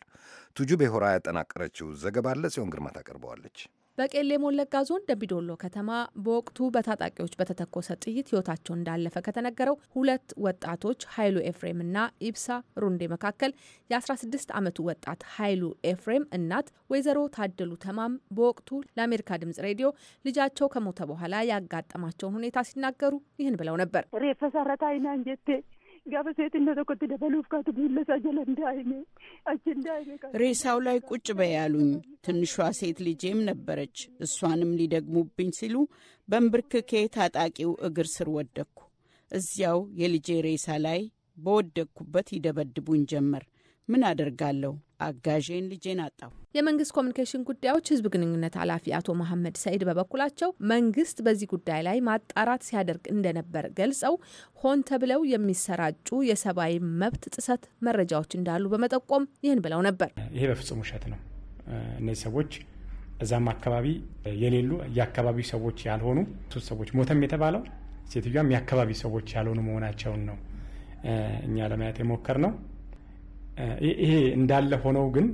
S1: ቱጁቤ ሆራ ያጠናቀረችው ዘገባ አለ ለጽዮን ግርማ ታቀርበዋለች።
S15: በቄሌ ሞለጋ ዞን ደምቢዶሎ ከተማ በወቅቱ በታጣቂዎች በተተኮሰ ጥይት ህይወታቸው እንዳለፈ ከተነገረው ሁለት ወጣቶች ኃይሉ ኤፍሬም እና ኢብሳ ሩንዴ መካከል የ16 ዓመቱ ወጣት ኃይሉ ኤፍሬም እናት ወይዘሮ ታደሉ ተማም በወቅቱ ለአሜሪካ ድምጽ ሬዲዮ ልጃቸው ከሞተ በኋላ ያጋጠማቸውን ሁኔታ ሲናገሩ ይህን ብለው ነበር። ጋፈ ሴትነ ተኮት ደበሉፍ ካቱ ቢለሳ ጀለ እንዳይኔ
S11: አች እንዳይኔ
S10: ሬሳው ላይ ቁጭ በያሉኝ። ትንሿ ሴት ልጄም ነበረች። እሷንም ሊደግሙብኝ ሲሉ በንብርክኬ ታጣቂው እግር ስር ወደቅኩ። እዚያው የልጄ ሬሳ ላይ በወደቅኩበት ይደበድቡኝ ጀመር። ምን አደርጋለሁ? አጋዤን፣ ልጄን አጣሁ።
S15: የመንግስት ኮሚኒኬሽን ጉዳዮች ህዝብ ግንኙነት ኃላፊ አቶ መሐመድ ሰኢድ በበኩላቸው መንግስት በዚህ ጉዳይ ላይ ማጣራት ሲያደርግ እንደነበር ገልጸው ሆን ተብለው የሚሰራጩ የሰብአዊ መብት ጥሰት መረጃዎች እንዳሉ በመጠቆም ይህን ብለው ነበር።
S9: ይሄ በፍጹም ውሸት ነው። እነዚህ ሰዎች እዛም አካባቢ የሌሉ የአካባቢ ሰዎች ያልሆኑ ሶስት ሰዎች ሞተም የተባለው ሴትዮዋም የአካባቢ ሰዎች ያልሆኑ መሆናቸውን ነው እኛ ለማየት የሞከር ነው ይሄ እንዳለ ሆነው ግን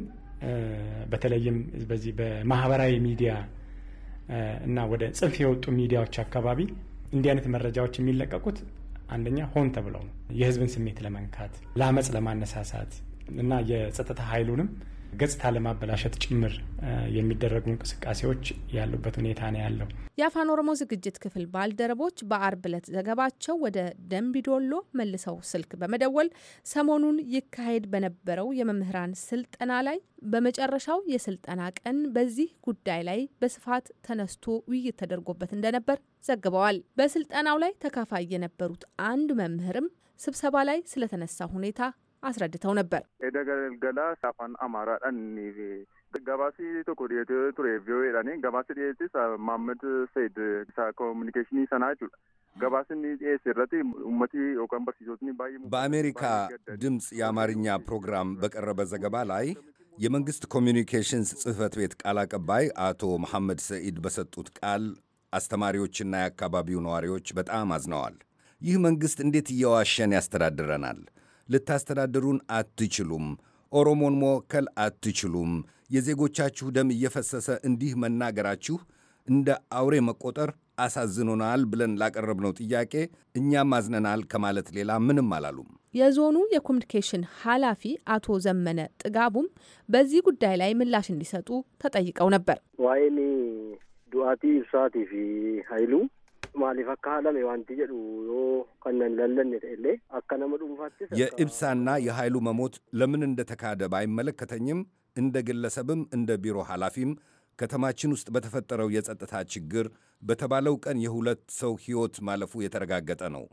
S9: በተለይም በዚህ በማህበራዊ ሚዲያ እና ወደ ጽንፍ የወጡ ሚዲያዎች አካባቢ እንዲህ አይነት መረጃዎች የሚለቀቁት አንደኛ ሆን ተብለው ነው፣ የህዝብን ስሜት ለመንካት፣ ለአመፅ ለማነሳሳት እና የጸጥታ ኃይሉንም ገጽታ ለማበላሸት ጭምር የሚደረጉ እንቅስቃሴዎች ያሉበት ሁኔታ ነው ያለው።
S15: የአፋን ኦሮሞ ዝግጅት ክፍል ባልደረቦች በአርብ ዕለት ዘገባቸው ወደ ደንቢዶሎ መልሰው ስልክ በመደወል ሰሞኑን ይካሄድ በነበረው የመምህራን ስልጠና ላይ በመጨረሻው የስልጠና ቀን በዚህ ጉዳይ ላይ በስፋት ተነስቶ ውይይት ተደርጎበት እንደነበር ዘግበዋል። በስልጠናው ላይ ተካፋይ የነበሩት አንድ መምህርም ስብሰባ ላይ ስለተነሳ ሁኔታ አስረድተው ነበር።
S9: ገላ አፋን አማራ ገባሲ ቶኮ ቱሬ ቪኦኤ ዳኔ ገባሲ ዲቴ ማመድ ሰይድ ሳ ኮሚኒኬሽን ሰና ጁ ገባስን ዲኤስ ረት
S1: ኡመቲ ኦቀን በርሲሶትኒ ባይ በአሜሪካ ድምፅ የአማርኛ ፕሮግራም በቀረበ ዘገባ ላይ የመንግስት ኮሚኒኬሽንስ ጽህፈት ቤት ቃል አቀባይ አቶ መሐመድ ሰኢድ በሰጡት ቃል አስተማሪዎችና የአካባቢው ነዋሪዎች በጣም አዝነዋል። ይህ መንግስት እንዴት እየዋሸን ያስተዳድረናል? ልታስተዳድሩን አትችሉም፣ ኦሮሞን መወከል አትችሉም፣ የዜጎቻችሁ ደም እየፈሰሰ እንዲህ መናገራችሁ እንደ አውሬ መቆጠር አሳዝኖናል ብለን ላቀረብነው ጥያቄ እኛም አዝነናል ከማለት ሌላ ምንም አላሉም።
S15: የዞኑ የኮሚኒኬሽን ኃላፊ አቶ ዘመነ ጥጋቡም በዚህ ጉዳይ ላይ ምላሽ እንዲሰጡ ተጠይቀው ነበር።
S7: ዋይኒ ዱአቲ ኢብሳቲ ፊ ሀይሉ maaliif akka haalame wanti jedhu yoo kan nan lallanne ta'ellee akka nama የኢብሳና
S1: የኃይሉ መሞት ለምን እንደተካደ ባይመለከተኝም እንደ ግለሰብም እንደ ቢሮ ኃላፊም ከተማችን ውስጥ በተፈጠረው የጸጥታ ችግር በተባለው ቀን የሁለት ሰው ሕይወት ማለፉ የተረጋገጠ ነው።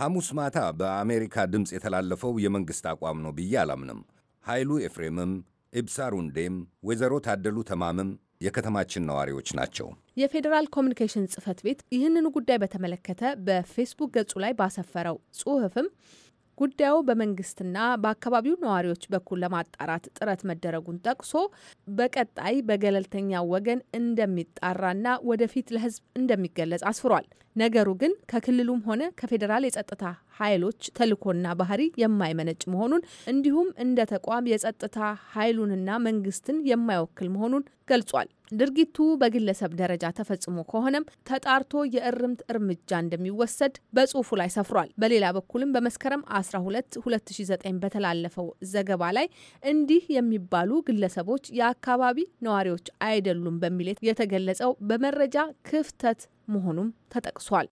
S1: ሐሙስ ማታ በአሜሪካ ድምፅ የተላለፈው የመንግሥት አቋም ነው ብዬ አላምንም። ኃይሉ ኤፍሬምም፣ ኢብሳ ሩንዴም፣ ወይዘሮ ታደሉ ተማምም የከተማችን ነዋሪዎች ናቸው።
S15: የፌዴራል ኮሚኒኬሽን ጽህፈት ቤት ይህንኑ ጉዳይ በተመለከተ በፌስቡክ ገጹ ላይ ባሰፈረው ጽሁፍም ጉዳዩ በመንግስትና በአካባቢው ነዋሪዎች በኩል ለማጣራት ጥረት መደረጉን ጠቅሶ በቀጣይ በገለልተኛ ወገን እንደሚጣራና ወደፊት ለህዝብ እንደሚገለጽ አስፍሯል። ነገሩ ግን ከክልሉም ሆነ ከፌዴራል የጸጥታ ኃይሎች ተልእኮና ባህሪ የማይመነጭ መሆኑን እንዲሁም እንደ ተቋም የጸጥታ ኃይሉንና መንግስትን የማይወክል መሆኑን ገልጿል። ድርጊቱ በግለሰብ ደረጃ ተፈጽሞ ከሆነም ተጣርቶ የእርምት እርምጃ እንደሚወሰድ በጽሁፉ ላይ ሰፍሯል። በሌላ በኩልም በመስከረም 12 2009 በተላለፈው ዘገባ ላይ እንዲህ የሚባሉ ግለሰቦች የአካባቢ ነዋሪዎች አይደሉም በሚል የተገለጸው በመረጃ ክፍተት መሆኑም ተጠቅሷል።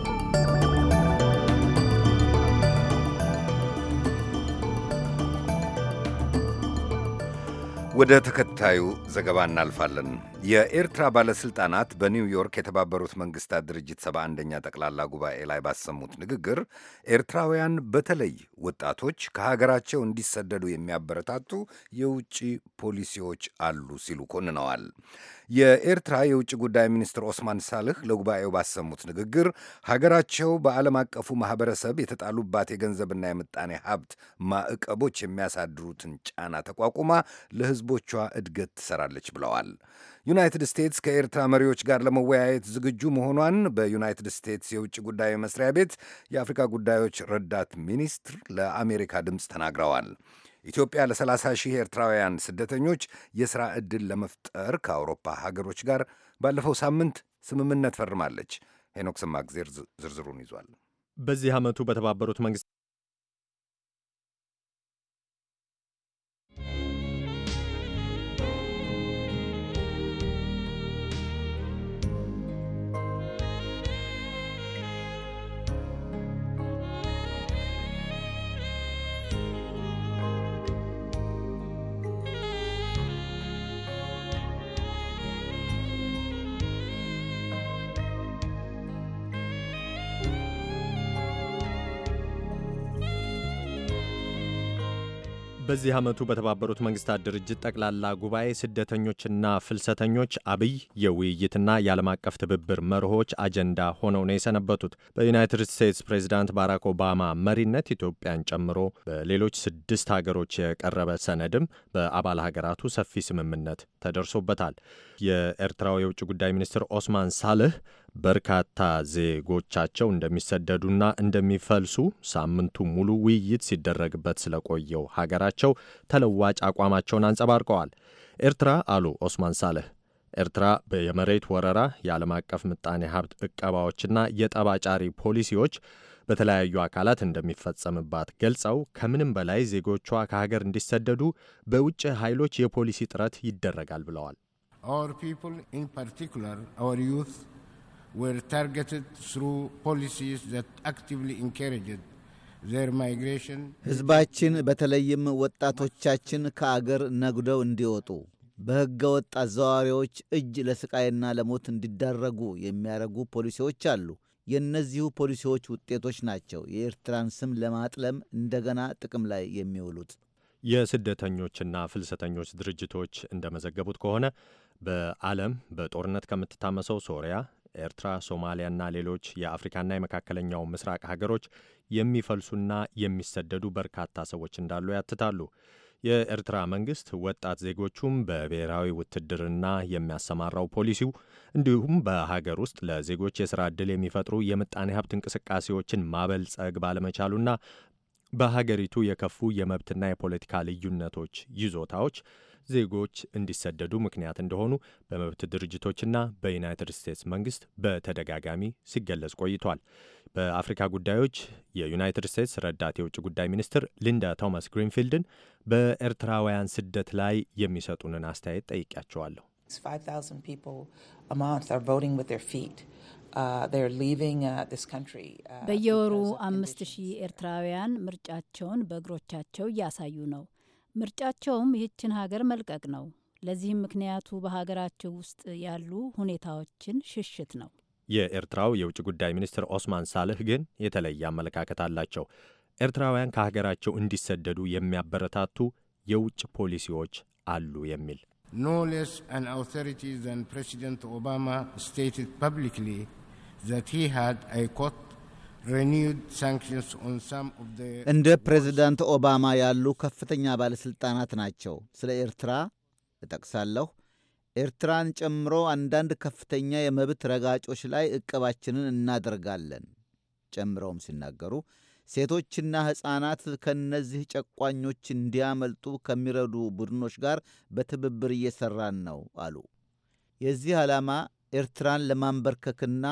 S1: ወደ ተከታዩ ዘገባ እናልፋለን። የኤርትራ ባለሥልጣናት በኒውዮርክ የተባበሩት መንግሥታት ድርጅት ሰባ አንደኛ ጠቅላላ ጉባኤ ላይ ባሰሙት ንግግር ኤርትራውያን በተለይ ወጣቶች ከሀገራቸው እንዲሰደዱ የሚያበረታቱ የውጭ ፖሊሲዎች አሉ ሲሉ ኮንነዋል። የኤርትራ የውጭ ጉዳይ ሚኒስትር ኦስማን ሳልህ ለጉባኤው ባሰሙት ንግግር ሀገራቸው በዓለም አቀፉ ማኅበረሰብ የተጣሉባት የገንዘብና የምጣኔ ሀብት ማዕቀቦች የሚያሳድሩትን ጫና ተቋቁማ ለሕዝቦቿ እድገት ትሰራለች ብለዋል። ዩናይትድ ስቴትስ ከኤርትራ መሪዎች ጋር ለመወያየት ዝግጁ መሆኗን በዩናይትድ ስቴትስ የውጭ ጉዳይ መስሪያ ቤት የአፍሪካ ጉዳዮች ረዳት ሚኒስትር ለአሜሪካ ድምፅ ተናግረዋል። ኢትዮጵያ ለ30 ሺህ ኤርትራውያን ስደተኞች የሥራ ዕድል ለመፍጠር ከአውሮፓ ሀገሮች ጋር ባለፈው ሳምንት ስምምነት ፈርማለች። ሄኖክ ሰማግዜር ዝርዝሩን ይዟል።
S16: በዚህ ዓመቱ በተባበሩት መንግስት በዚህ ዓመቱ በተባበሩት መንግስታት ድርጅት ጠቅላላ ጉባኤ ስደተኞችና ፍልሰተኞች አብይ የውይይትና የዓለም አቀፍ ትብብር መርሆች አጀንዳ ሆነው ነው የሰነበቱት። በዩናይትድ ስቴትስ ፕሬዚዳንት ባራክ ኦባማ መሪነት ኢትዮጵያን ጨምሮ በሌሎች ስድስት ሀገሮች የቀረበ ሰነድም በአባል ሀገራቱ ሰፊ ስምምነት ተደርሶበታል። የኤርትራው የውጭ ጉዳይ ሚኒስትር ኦስማን ሳልህ በርካታ ዜጎቻቸው እንደሚሰደዱና እንደሚፈልሱ ሳምንቱ ሙሉ ውይይት ሲደረግበት ስለቆየው ሀገራቸው ተለዋጭ አቋማቸውን አንጸባርቀዋል። ኤርትራ አሉ ኦስማን ሳልህ ኤርትራ የመሬት ወረራ፣ የዓለም አቀፍ ምጣኔ ሀብት እቀባዎችና የጠባጫሪ ፖሊሲዎች በተለያዩ አካላት እንደሚፈጸምባት ገልጸው ከምንም በላይ ዜጎቿ ከሀገር እንዲሰደዱ በውጭ ኃይሎች የፖሊሲ ጥረት ይደረጋል ብለዋል።
S4: were targeted through policies that actively encouraged their migration.
S5: ሕዝባችን በተለይም ወጣቶቻችን ከአገር ነግደው እንዲወጡ በሕገ ወጥ አዘዋዋሪዎች እጅ ለስቃይና ለሞት እንዲዳረጉ የሚያደርጉ ፖሊሲዎች አሉ። የእነዚሁ ፖሊሲዎች ውጤቶች ናቸው የኤርትራን ስም ለማጥለም እንደገና ጥቅም ላይ የሚውሉት።
S16: የስደተኞችና ፍልሰተኞች ድርጅቶች እንደመዘገቡት ከሆነ በዓለም በጦርነት ከምትታመሰው ሶሪያ ኤርትራ፣ ሶማሊያና ሌሎች የአፍሪካና የመካከለኛው ምስራቅ ሀገሮች የሚፈልሱና የሚሰደዱ በርካታ ሰዎች እንዳሉ ያትታሉ። የኤርትራ መንግስት ወጣት ዜጎቹም በብሔራዊ ውትድርና የሚያሰማራው ፖሊሲው እንዲሁም በሀገር ውስጥ ለዜጎች የሥራ ዕድል የሚፈጥሩ የምጣኔ ሀብት እንቅስቃሴዎችን ማበልጸግ ባለመቻሉና በሀገሪቱ የከፉ የመብትና የፖለቲካ ልዩነቶች ይዞታዎች ዜጎች እንዲሰደዱ ምክንያት እንደሆኑ በመብት ድርጅቶችና በዩናይትድ ስቴትስ መንግስት በተደጋጋሚ ሲገለጽ ቆይቷል። በአፍሪካ ጉዳዮች የዩናይትድ ስቴትስ ረዳት የውጭ ጉዳይ ሚኒስትር ሊንዳ ቶማስ ግሪንፊልድን በኤርትራውያን ስደት ላይ የሚሰጡንን አስተያየት ጠይቂያቸዋለሁ።
S10: uh, uh, uh,
S8: በየወሩ አምስት ሺህ ኤርትራውያን ምርጫቸውን በእግሮቻቸው እያሳዩ ነው። ምርጫቸውም ይህችን ሀገር መልቀቅ ነው። ለዚህም ምክንያቱ በሀገራቸው ውስጥ ያሉ ሁኔታዎችን ሽሽት ነው።
S16: የኤርትራው የውጭ ጉዳይ ሚኒስትር ኦስማን ሳልህ ግን የተለየ አመለካከት አላቸው። ኤርትራውያን ከሀገራቸው እንዲሰደዱ የሚያበረታቱ የውጭ ፖሊሲዎች አሉ የሚል
S4: No less an ኦባማ than President Obama stated publicly እንደ
S5: ፕሬዚዳንት ኦባማ ያሉ ከፍተኛ ባለሥልጣናት ናቸው ስለ ኤርትራ እጠቅሳለሁ ኤርትራን ጨምሮ አንዳንድ ከፍተኛ የመብት ረጋጮች ላይ ዕቅባችንን እናደርጋለን። ጨምረውም ሲናገሩ ሴቶችና ሕፃናት ከእነዚህ ጨቋኞች እንዲያመልጡ ከሚረዱ ቡድኖች ጋር በትብብር እየሠራን ነው አሉ። የዚህ ዓላማ ኤርትራን ለማንበርከክና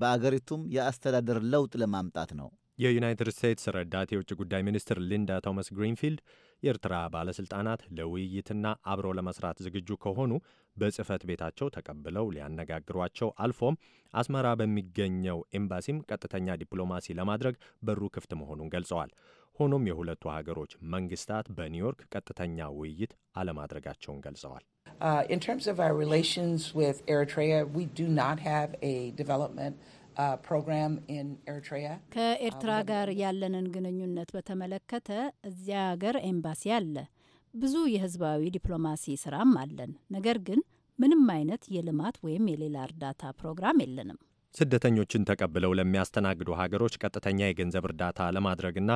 S5: በአገሪቱም የአስተዳደር ለውጥ ለማምጣት ነው።
S16: የዩናይትድ ስቴትስ ረዳት የውጭ ጉዳይ ሚኒስትር ሊንዳ ቶማስ ግሪንፊልድ የኤርትራ ባለሥልጣናት ለውይይትና አብሮ ለመስራት ዝግጁ ከሆኑ በጽህፈት ቤታቸው ተቀብለው ሊያነጋግሯቸው አልፎም አስመራ በሚገኘው ኤምባሲም ቀጥተኛ ዲፕሎማሲ ለማድረግ በሩ ክፍት መሆኑን ገልጸዋል። ሆኖም የሁለቱ ሀገሮች መንግስታት በኒውዮርክ ቀጥተኛ ውይይት አለማድረጋቸውን ገልጸዋል።
S10: Uh, in terms of our relations with Eritrea, we do not have a development uh, ከኤርትራ um, ጋር
S8: ያለንን ግንኙነት በተመለከተ እዚያ ሀገር ኤምባሲ አለ። ብዙ የህዝባዊ ዲፕሎማሲ ስራም አለን። ነገር ግን ምንም አይነት የልማት ወይም የሌላ እርዳታ ፕሮግራም የለንም።
S16: ስደተኞችን ተቀብለው ለሚያስተናግዱ ሀገሮች ቀጥተኛ የገንዘብ እርዳታ ለማድረግና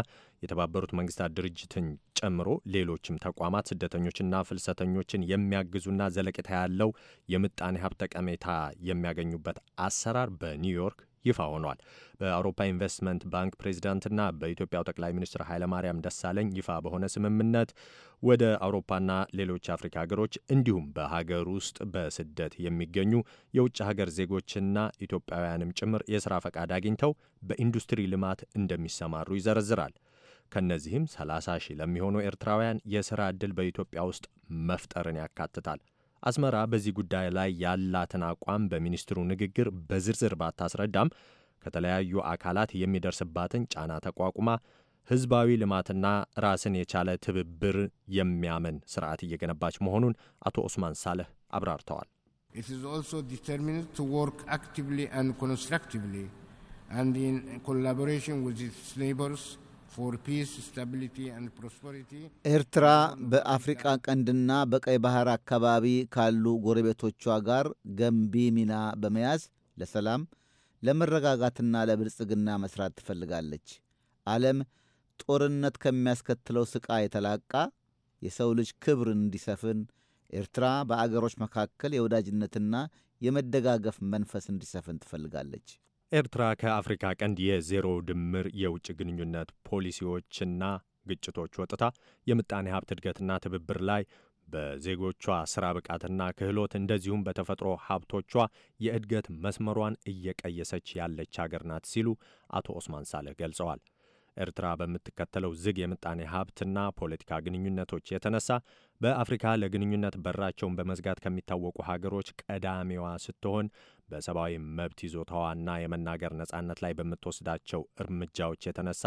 S16: የተባበሩት መንግስታት ድርጅትን ጨምሮ ሌሎችም ተቋማት ስደተኞችና ፍልሰተኞችን የሚያግዙና ዘለቄታ ያለው የምጣኔ ሀብት ጠቀሜታ የሚያገኙበት አሰራር በኒውዮርክ ይፋ ሆኗል። በአውሮፓ ኢንቨስትመንት ባንክ ፕሬዚዳንትና በኢትዮጵያው ጠቅላይ ሚኒስትር ኃይለማርያም ደሳለኝ ይፋ በሆነ ስምምነት ወደ አውሮፓና ሌሎች አፍሪካ ሀገሮች እንዲሁም በሀገር ውስጥ በስደት የሚገኙ የውጭ ሀገር ዜጎችና ኢትዮጵያውያንም ጭምር የሥራ ፈቃድ አግኝተው በኢንዱስትሪ ልማት እንደሚሰማሩ ይዘረዝራል። ከእነዚህም 30 ሺህ ለሚሆኑ ኤርትራውያን የሥራ ዕድል በኢትዮጵያ ውስጥ መፍጠርን ያካትታል። አስመራ በዚህ ጉዳይ ላይ ያላትን አቋም በሚኒስትሩ ንግግር በዝርዝር ባታስረዳም ከተለያዩ አካላት የሚደርስባትን ጫና ተቋቁማ ሕዝባዊ ልማትና ራስን የቻለ ትብብር የሚያምን ስርዓት እየገነባች መሆኑን አቶ ኦስማን ሳለህ አብራርተዋል።
S4: ኢት
S5: ኤርትራ በአፍሪቃ ቀንድና በቀይ ባህር አካባቢ ካሉ ጎረቤቶቿ ጋር ገንቢ ሚና በመያዝ ለሰላም ለመረጋጋትና ለብልጽግና መስራት ትፈልጋለች። ዓለም ጦርነት ከሚያስከትለው ሥቃ የተላቃ የሰው ልጅ ክብር እንዲሰፍን ኤርትራ በአገሮች መካከል የወዳጅነትና የመደጋገፍ መንፈስ እንዲሰፍን ትፈልጋለች።
S16: ኤርትራ ከአፍሪካ ቀንድ የዜሮ ድምር የውጭ ግንኙነት ፖሊሲዎችና ግጭቶች ወጥታ የምጣኔ ሀብት እድገትና ትብብር ላይ በዜጎቿ ስራ ብቃትና ክህሎት እንደዚሁም በተፈጥሮ ሀብቶቿ የእድገት መስመሯን እየቀየሰች ያለች ሀገር ናት ሲሉ አቶ ኦስማን ሳልህ ገልጸዋል። ኤርትራ በምትከተለው ዝግ የምጣኔ ሀብትና ፖለቲካ ግንኙነቶች የተነሳ በአፍሪካ ለግንኙነት በራቸውን በመዝጋት ከሚታወቁ ሀገሮች ቀዳሚዋ ስትሆን በሰብአዊ መብት ይዞታዋና የመናገር ነጻነት ላይ በምትወስዳቸው እርምጃዎች የተነሳ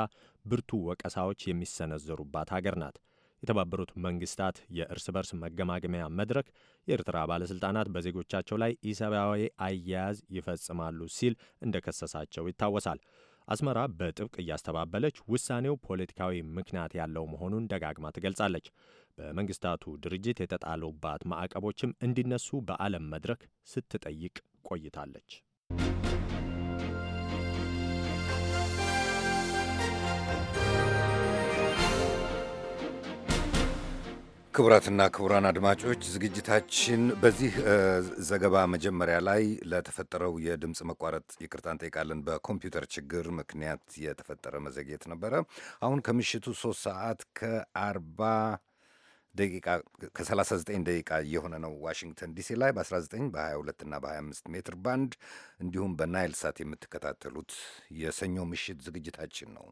S16: ብርቱ ወቀሳዎች የሚሰነዘሩባት ሀገር ናት። የተባበሩት መንግስታት የእርስ በርስ መገማገሚያ መድረክ የኤርትራ ባለሥልጣናት በዜጎቻቸው ላይ ኢሰብአዊ አያያዝ ይፈጽማሉ ሲል እንደ ከሰሳቸው ይታወሳል። አስመራ በጥብቅ እያስተባበለች ውሳኔው ፖለቲካዊ ምክንያት ያለው መሆኑን ደጋግማ ትገልጻለች። በመንግስታቱ ድርጅት የተጣሉባት ማዕቀቦችም እንዲነሱ በዓለም መድረክ ስትጠይቅ ቆይታለች።
S1: ክቡራትና ክቡራን አድማጮች ዝግጅታችን በዚህ ዘገባ መጀመሪያ ላይ ለተፈጠረው የድምፅ መቋረጥ ይቅርታ እንጠይቃለን። በኮምፒውተር ችግር ምክንያት የተፈጠረ መዘግየት ነበረ። አሁን ከምሽቱ ሶስት ሰዓት ከአርባ ደቂቃ ከ39 ደቂቃ እየሆነ ነው ዋሽንግተን ዲሲ ላይ በ19 በ22 እና በ25 ሜትር ባንድ እንዲሁም በናይል ሳት የምትከታተሉት የሰኞ ምሽት ዝግጅታችን ነው።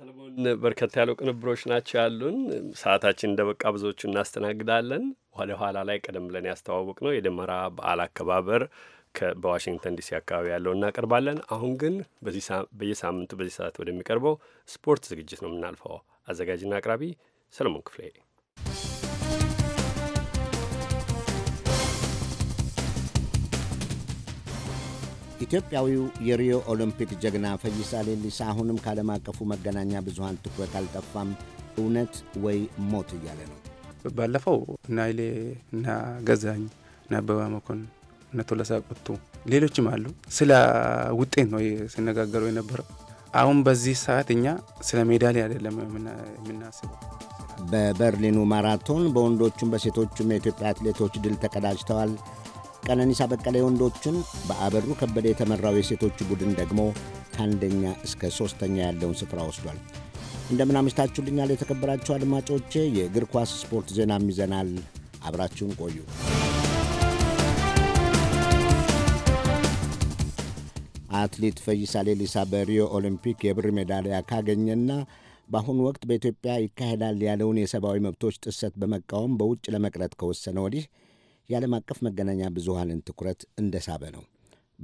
S3: ሰለሞን፣ በርከት ያሉ ቅንብሮች ናቸው ያሉን። ሰዓታችን እንደ በቃ ብዙዎቹ እናስተናግዳለን። ወደ ኋላ ላይ ቀደም ብለን ያስተዋወቅ ነው የደመራ በዓል አከባበር በዋሽንግተን ዲሲ አካባቢ ያለው እናቀርባለን። አሁን ግን በየሳምንቱ በዚህ ሰዓት ወደሚቀርበው ስፖርት ዝግጅት ነው የምናልፈው። አዘጋጅና አቅራቢ ሰለሞን ክፍሌ
S6: ኢትዮጵያዊው የሪዮ ኦሎምፒክ ጀግና ፈይሳ ሌሊሳ አሁንም ከዓለም አቀፉ መገናኛ ብዙሃን ትኩረት አልጠፋም። እውነት ወይ ሞት እያለ ነው።
S17: ባለፈው እነ ኃይሌ እና ገዛኝ እና አበባ መኮንን እነ ቶለሳ ቁቱ ሌሎችም አሉ። ስለ ውጤት ነው ሲነጋገሩ የነበረው። አሁን በዚህ ሰዓት እኛ ስለ ሜዳሊያ አይደለም የምናስበው።
S6: በበርሊኑ ማራቶን በወንዶቹም በሴቶቹም የኢትዮጵያ አትሌቶች ድል ተቀዳጅተዋል። ቀነኒሳ በቀለ የወንዶቹን፣ በአበሩ ከበደ የተመራው የሴቶቹ ቡድን ደግሞ ከአንደኛ እስከ ሦስተኛ ያለውን ስፍራ ወስዷል። እንደምናመሽታችሁልኛል የተከበራችሁ አድማጮቼ፣ የእግር ኳስ ስፖርት ዜናም ይዘናል። አብራችሁን ቆዩ። አትሌት ፈይሳ ሌሊሳ በሪዮ ኦሊምፒክ የብር ሜዳሊያ ካገኘና በአሁኑ ወቅት በኢትዮጵያ ይካሄዳል ያለውን የሰብአዊ መብቶች ጥሰት በመቃወም በውጭ ለመቅረት ከወሰነ ወዲህ የዓለም አቀፍ መገናኛ ብዙሃንን ትኩረት እንደሳበ ነው።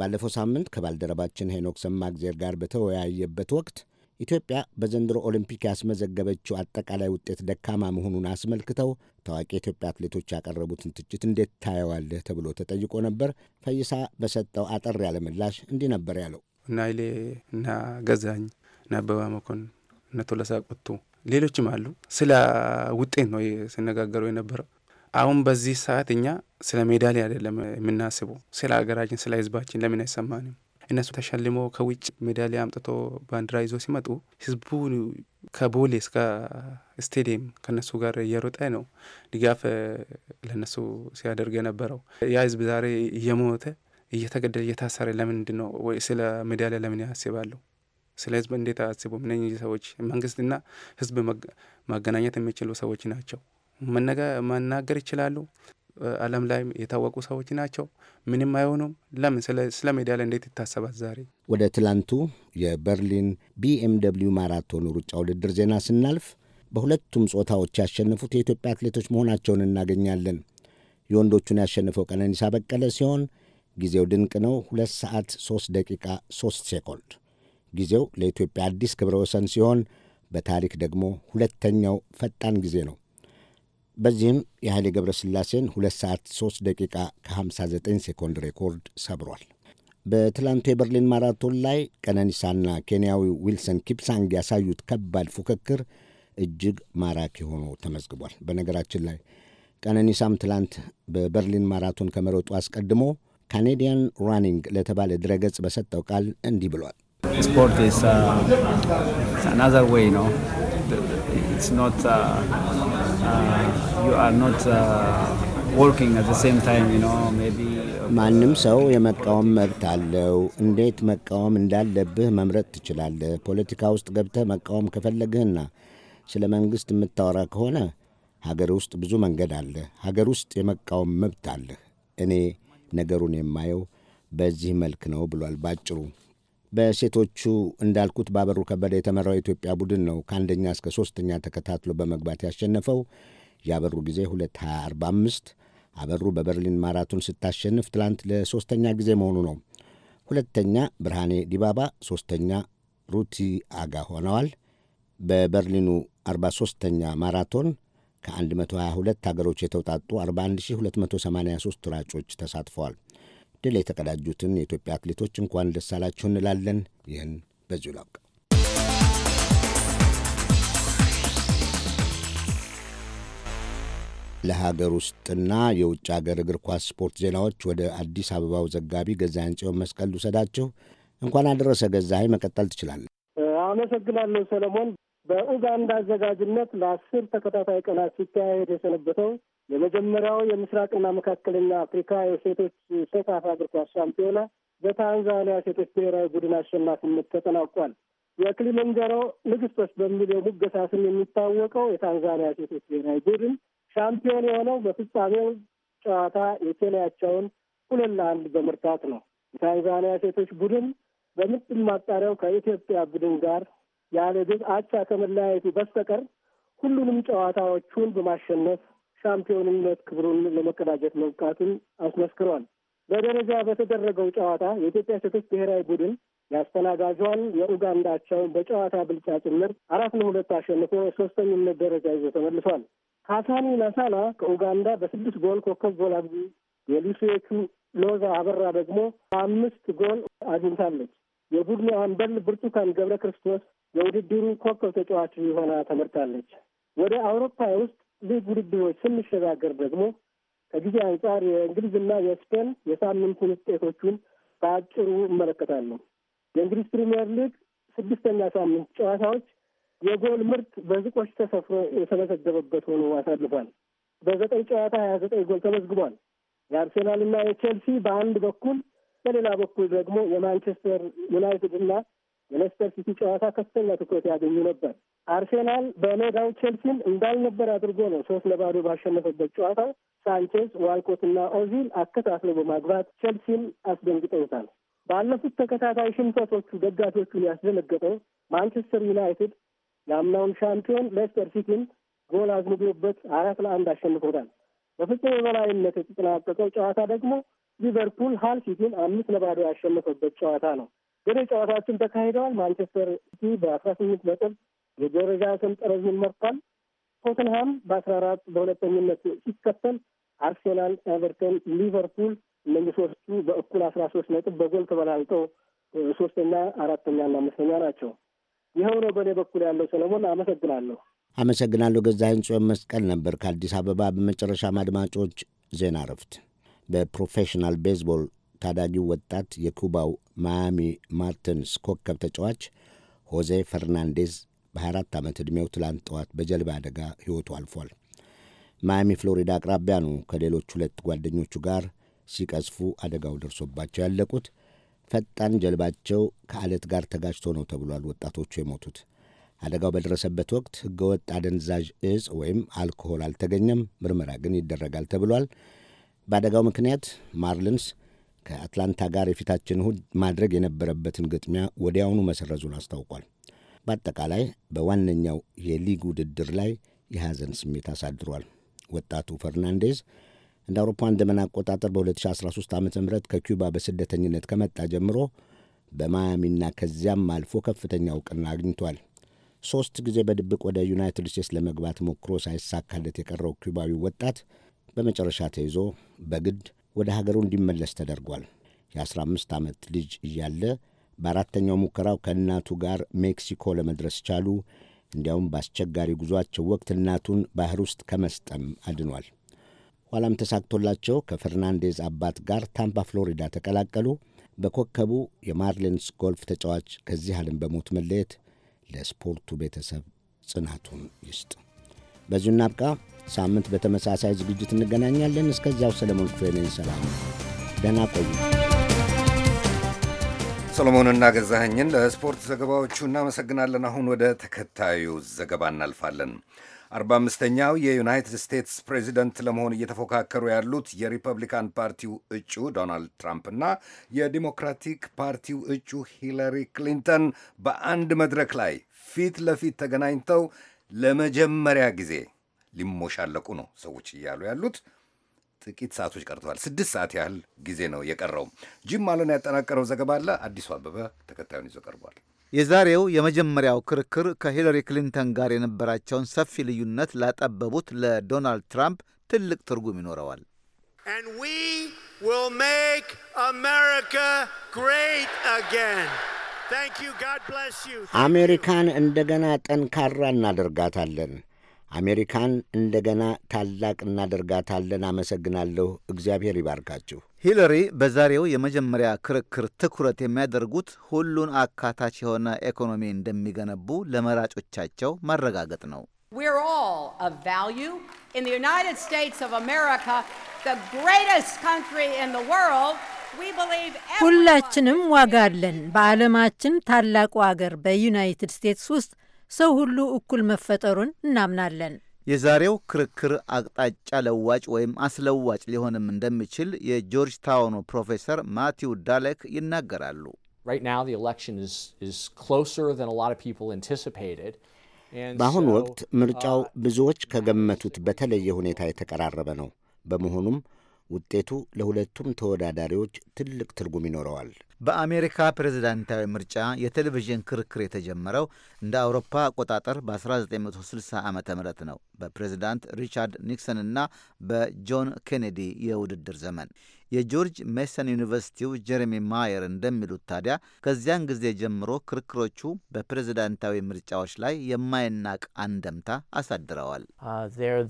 S6: ባለፈው ሳምንት ከባልደረባችን ሄኖክ ሰማግዜር ጋር በተወያየበት ወቅት ኢትዮጵያ በዘንድሮ ኦሊምፒክ ያስመዘገበችው አጠቃላይ ውጤት ደካማ መሆኑን አስመልክተው ታዋቂ የኢትዮጵያ አትሌቶች ያቀረቡትን ትችት እንዴት ታየዋለህ ተብሎ ተጠይቆ ነበር። ፈይሳ በሰጠው አጠር ያለ ምላሽ እንዲህ ነበር ያለው።
S17: እና ይሌ እና ገዛኝ እና አበባ መኮን እነ ቶለሳ ቁቱ ሌሎችም አሉ። ስለ ውጤት ነው ሲነጋገሩ የነበረው አሁን በዚህ ሰዓት እኛ ስለ ሜዳሊያ አይደለም የምናስበው፣ ስለ ሀገራችን፣ ስለ ህዝባችን ለምን አይሰማንም? እነሱ ተሸልሞ ከውጭ ሜዳሊያ አምጥቶ ባንዲራ ይዞ ሲመጡ ህዝቡ ከቦሌ እስከ ስቴዲየም ከነሱ ጋር እየሮጠ ነው ድጋፍ ለነሱ ሲያደርግ የነበረው። ያ ህዝብ ዛሬ እየሞተ እየተገደለ እየታሰረ ለምንድን ነው? ወይ ስለ ሜዳሊያ ለምን ያስባለሁ? ስለ ህዝብ እንዴት አስቡ? እነኚህ ሰዎች መንግስትና ህዝብ ማገናኘት የሚችሉ ሰዎች ናቸው። መናገር ይችላሉ። አለም ላይ የታወቁ ሰዎች ናቸው። ምንም አይሆኑም። ለምን ስለ ላይ እንዴት ይታሰባት ዛሬ
S6: ወደ ትላንቱ የበርሊን ቢኤም ማራቶን ሩጫ ውድድር ዜና ስናልፍ በሁለቱም ጾታዎች ያሸነፉት የኢትዮጵያ አትሌቶች መሆናቸውን እናገኛለን። የወንዶቹን ያሸነፈው ቀነኒሳ በቀለ ሲሆን ጊዜው ድንቅ ነው፣ 2 ሰዓት 3 ደቂቃ 3 ሴኮንድ። ጊዜው ለኢትዮጵያ አዲስ ክብረ ወሰን ሲሆን በታሪክ ደግሞ ሁለተኛው ፈጣን ጊዜ ነው። በዚህም የኃይሌ ገብረስላሴን 2 ሰዓት 3 ደቂቃ ከ59 ሴኮንድ ሬኮርድ ሰብሯል። በትላንቱ የበርሊን ማራቶን ላይ ቀነኒሳና ኬንያዊ ዊልሰን ኪፕሳንግ ያሳዩት ከባድ ፉክክር እጅግ ማራኪ ሆኖ ተመዝግቧል። በነገራችን ላይ ቀነኒሳም ትላንት በበርሊን ማራቶን ከመሮጡ አስቀድሞ ካኔዲያን ራኒንግ ለተባለ ድረገጽ በሰጠው ቃል እንዲህ ብሏል። ስፖርት ኢዝ አናዘር ዌይ ነው Uh, uh, uh, ማንም ሰው የመቃወም መብት አለው። እንዴት መቃወም እንዳለብህ መምረጥ ትችላለህ። ፖለቲካ ውስጥ ገብተህ መቃወም ከፈለግህና ስለ መንግሥት የምታወራ ከሆነ ሀገር ውስጥ ብዙ መንገድ አለ። ሀገር ውስጥ የመቃወም መብት አለህ። እኔ ነገሩን የማየው በዚህ መልክ ነው ብሏል ባጭሩ። በሴቶቹ እንዳልኩት ባበሩ ከበደ የተመራው የኢትዮጵያ ቡድን ነው ከአንደኛ እስከ ሶስተኛ ተከታትሎ በመግባት ያሸነፈው። የአበሩ ጊዜ 2245 አበሩ በበርሊን ማራቶን ስታሸንፍ ትላንት ለሶስተኛ ጊዜ መሆኑ ነው። ሁለተኛ ብርሃኔ ዲባባ፣ ሶስተኛ ሩቲ አጋ ሆነዋል። በበርሊኑ 43ኛ ማራቶን ከ122 ሀገሮች የተውጣጡ 41283 ራጮች ተሳትፈዋል። ድል የተቀዳጁትን የኢትዮጵያ አትሌቶች እንኳን ደስ አላችሁ እንላለን። ይህን በዚሁ ላውቅ። ለሀገር ውስጥና የውጭ ሀገር እግር ኳስ ስፖርት ዜናዎች ወደ አዲስ አበባው ዘጋቢ ገዛኸኝ ጽዮን መስቀል ልውሰዳችሁ። እንኳን አደረሰ ገዛኸኝ፣ መቀጠል ትችላለህ።
S7: አመሰግናለሁ ሰለሞን። በኡጋንዳ አዘጋጅነት ለአስር ተከታታይ ቀናት ሲካሄድ የሰነበተው የመጀመሪያው የምስራቅና መካከለኛ አፍሪካ የሴቶች ሴካፋ እግር ኳስ ሻምፒዮና በታንዛኒያ ሴቶች ብሔራዊ ቡድን አሸናፊነት ተጠናቋል። የክሊመንጀሮ ንግስቶች በሚል የሙገሳ ስም የሚታወቀው የታንዛኒያ ሴቶች ብሔራዊ ቡድን ሻምፒዮን የሆነው በፍጻሜው ጨዋታ የኬንያቸውን ሁለት ለአንድ በመርታት ነው። የታንዛኒያ ሴቶች ቡድን በምድብ ማጣሪያው ከኢትዮጵያ ቡድን ጋር ያለ ግብ አቻ ከመለያየቱ በስተቀር ሁሉንም ጨዋታዎቹን በማሸነፍ ሻምፒዮንነት ክብሩን ለመቀዳጀት መብቃቱን አስመስክሯል። በደረጃ በተደረገው ጨዋታ የኢትዮጵያ ሴቶች ብሔራዊ ቡድን የአስተናጋጇን የኡጋንዳቸውን በጨዋታ ብልጫ ጭምር አራት ለሁለት አሸንፎ ሶስተኝነት ደረጃ ይዞ ተመልሷል። ሀሳኒ ናሳላ ከኡጋንዳ በስድስት ጎል ኮከብ ጎል አግቢ፣ የሉሲዎቹ ሎዛ አበራ ደግሞ አምስት ጎል አግኝታለች። የቡድኑ አምበል ብርቱካን ገብረ ክርስቶስ የውድድሩ ኮከብ ተጫዋች ሆና ተመርጣለች። ወደ አውሮፓ ውስጥ ሊግ ውድድሮች ስንሸጋገር ደግሞ ከጊዜ አንጻር የእንግሊዝና የስፔን የሳምንቱን ውጤቶቹን በአጭሩ እመለከታለሁ። የእንግሊዝ ፕሪምየር ሊግ ስድስተኛ ሳምንት ጨዋታዎች የጎል ምርት በዝቆች ተሰፍሮ የተመዘገበበት ሆኖ አሳልፏል። በዘጠኝ ጨዋታ ሀያ ዘጠኝ ጎል ተመዝግቧል። የአርሴናልና የቼልሲ በአንድ በኩል፣ በሌላ በኩል ደግሞ የማንቸስተር ዩናይትድ እና የሌስተር ሲቲ ጨዋታ ከፍተኛ ትኩረት ያገኙ ነበር። አርሴናል በሜዳው ቼልሲን እንዳልነበር አድርጎ ነው ሶስት ለባዶ ባሸነፈበት ጨዋታ ሳንቼዝ ዋልኮትና ኦዚል አከታትለው በማግባት ቼልሲን አስደንግጠውታል። ባለፉት ተከታታይ ሽንፈቶቹ ደጋፊዎቹን ያስደነገጠው ማንቸስተር ዩናይትድ የአምናውን ሻምፒዮን ሌስተር ሲቲን ጎል አዝንቦበት አራት ለአንድ አሸንፎታል። በፍጹም የበላይነት የተጠናቀቀው ጨዋታ ደግሞ ሊቨርፑል ሃል ሲቲን አምስት ለባዶ ያሸነፈበት ጨዋታ ነው። ወደ ጨዋታዎችን ተካሂደዋል። ማንቸስተር ሲቲ በአስራ ስምንት ነጥብ የደረጃ ሰንጠረዡን መርቷል። ቶተንሃም በአስራ አራት በሁለተኝነት ሲከተል አርሴናል፣ ኤቨርተን፣ ሊቨርፑል እነዚህ ሶስቱ በእኩል አስራ ሶስት ነጥብ በጎል ተበላልጠው ሶስተኛ፣ አራተኛ እና አምስተኛ ናቸው። ይኸው ነው በእኔ በኩል ያለው። ሰለሞን አመሰግናለሁ።
S6: አመሰግናለሁ። ገዛ ጽዮን መስቀል ነበር ከአዲስ አበባ። በመጨረሻም አድማጮች ዜና እረፍት በፕሮፌሽናል ቤዝቦል ታዳጊው ወጣት የኩባው ማያሚ ማርትንስ ኮከብ ተጫዋች ሆዜ ፈርናንዴዝ በ24 ዓመት ዕድሜው ትላንት ጠዋት በጀልባ አደጋ ሕይወቱ አልፏል። ማያሚ ፍሎሪዳ አቅራቢያ ነው ከሌሎች ሁለት ጓደኞቹ ጋር ሲቀዝፉ አደጋው ደርሶባቸው ያለቁት። ፈጣን ጀልባቸው ከአለት ጋር ተጋጭቶ ነው ተብሏል ወጣቶቹ የሞቱት። አደጋው በደረሰበት ወቅት ሕገወጥ አደንዛዥ እጽ ወይም አልኮሆል አልተገኘም። ምርመራ ግን ይደረጋል ተብሏል። በአደጋው ምክንያት ማርልንስ ከአትላንታ ጋር የፊታችን እሁድ ማድረግ የነበረበትን ግጥሚያ ወዲያውኑ መሰረዙን አስታውቋል። በአጠቃላይ በዋነኛው የሊግ ውድድር ላይ የሐዘን ስሜት አሳድሯል። ወጣቱ ፈርናንዴዝ እንደ አውሮፓውያን ዘመን አቆጣጠር በ2013 ዓ ም ከኪዩባ በስደተኝነት ከመጣ ጀምሮ በማያሚና ከዚያም አልፎ ከፍተኛ እውቅና አግኝቷል። ሦስት ጊዜ በድብቅ ወደ ዩናይትድ ስቴትስ ለመግባት ሞክሮ ሳይሳካለት የቀረው ኪዩባዊ ወጣት በመጨረሻ ተይዞ በግድ ወደ ሀገሩ እንዲመለስ ተደርጓል። የ15 ዓመት ልጅ እያለ በአራተኛው ሙከራው ከእናቱ ጋር ሜክሲኮ ለመድረስ ቻሉ። እንዲያውም በአስቸጋሪ ጉዟቸው ወቅት እናቱን ባህር ውስጥ ከመስጠም አድኗል። ኋላም ተሳክቶላቸው ከፈርናንዴዝ አባት ጋር ታምፓ ፍሎሪዳ ተቀላቀሉ። በኮከቡ የማርሊንስ ጎልፍ ተጫዋች ከዚህ ዓለም በሞት መለየት ለስፖርቱ ቤተሰብ ጽናቱን ይስጥ። በዚሁ እናብቃ። ሳምንት በተመሳሳይ ዝግጅት
S1: እንገናኛለን። እስከዚያው ሰለሞን ክፍሌ ነኝ። ሰላም፣ ደህና ቆዩ። ሰሎሞንና ገዛኸኝን ለስፖርት ዘገባዎቹ እናመሰግናለን። አሁን ወደ ተከታዩ ዘገባ እናልፋለን። አርባ አምስተኛው የዩናይትድ ስቴትስ ፕሬዚደንት ለመሆን እየተፎካከሩ ያሉት የሪፐብሊካን ፓርቲው እጩ ዶናልድ ትራምፕና የዲሞክራቲክ ፓርቲው እጩ ሂለሪ ክሊንተን በአንድ መድረክ ላይ ፊት ለፊት ተገናኝተው ለመጀመሪያ ጊዜ ሊሞሻለቁ ነው ሰዎች እያሉ ያሉት። ጥቂት ሰዓቶች ቀርተዋል። ስድስት ሰዓት ያህል ጊዜ ነው የቀረው። ጂም አለን ያጠናቀረው ዘገባ አለ። አዲሱ አበበ ተከታዩን ይዞ ቀርቧል።
S5: የዛሬው የመጀመሪያው ክርክር ከሂለሪ ክሊንተን ጋር የነበራቸውን ሰፊ ልዩነት ላጠበቡት ለዶናልድ ትራምፕ ትልቅ ትርጉም
S6: ይኖረዋል።
S8: And we will make America great again.
S6: አሜሪካን እንደገና ጠንካራ እናደርጋታለን። አሜሪካን እንደገና ታላቅ እናደርጋታለን። አመሰግናለሁ። እግዚአብሔር ይባርካችሁ።
S5: ሂለሪ በዛሬው የመጀመሪያ ክርክር ትኩረት የሚያደርጉት ሁሉን አካታች የሆነ ኢኮኖሚ እንደሚገነቡ ለመራጮቻቸው ማረጋገጥ ነው።
S15: ዩናይትድ ስቴትስ ኦፍ አሜሪካ
S8: ሁላችንም ዋጋ አለን። በዓለማችን ታላቁ አገር በዩናይትድ ስቴትስ ውስጥ ሰው ሁሉ እኩል መፈጠሩን እናምናለን።
S5: የዛሬው ክርክር አቅጣጫ ለዋጭ ወይም አስለዋጭ ሊሆንም እንደሚችል የጆርጅ ታውኑ ፕሮፌሰር ማቲው ዳለክ ይናገራሉ።
S16: በአሁኑ ወቅት ምርጫው
S6: uh, ብዙዎች ከገመቱት በተለየ ሁኔታ የተቀራረበ ነው። በመሆኑም ውጤቱ ለሁለቱም ተወዳዳሪዎች ትልቅ ትርጉም ይኖረዋል።
S5: በአሜሪካ ፕሬዝዳንታዊ ምርጫ የቴሌቪዥን ክርክር የተጀመረው እንደ አውሮፓ አቆጣጠር በ1960 ዓ ም ነው በፕሬዝዳንት ሪቻርድ ኒክሰን እና በጆን ኬኔዲ የውድድር ዘመን። የጆርጅ ሜሰን ዩኒቨርሲቲው ጀሬሚ ማየር እንደሚሉት ታዲያ ከዚያን ጊዜ ጀምሮ ክርክሮቹ በፕሬዝዳንታዊ ምርጫዎች ላይ የማይናቅ አንደምታ አሳድረዋል።
S17: uh,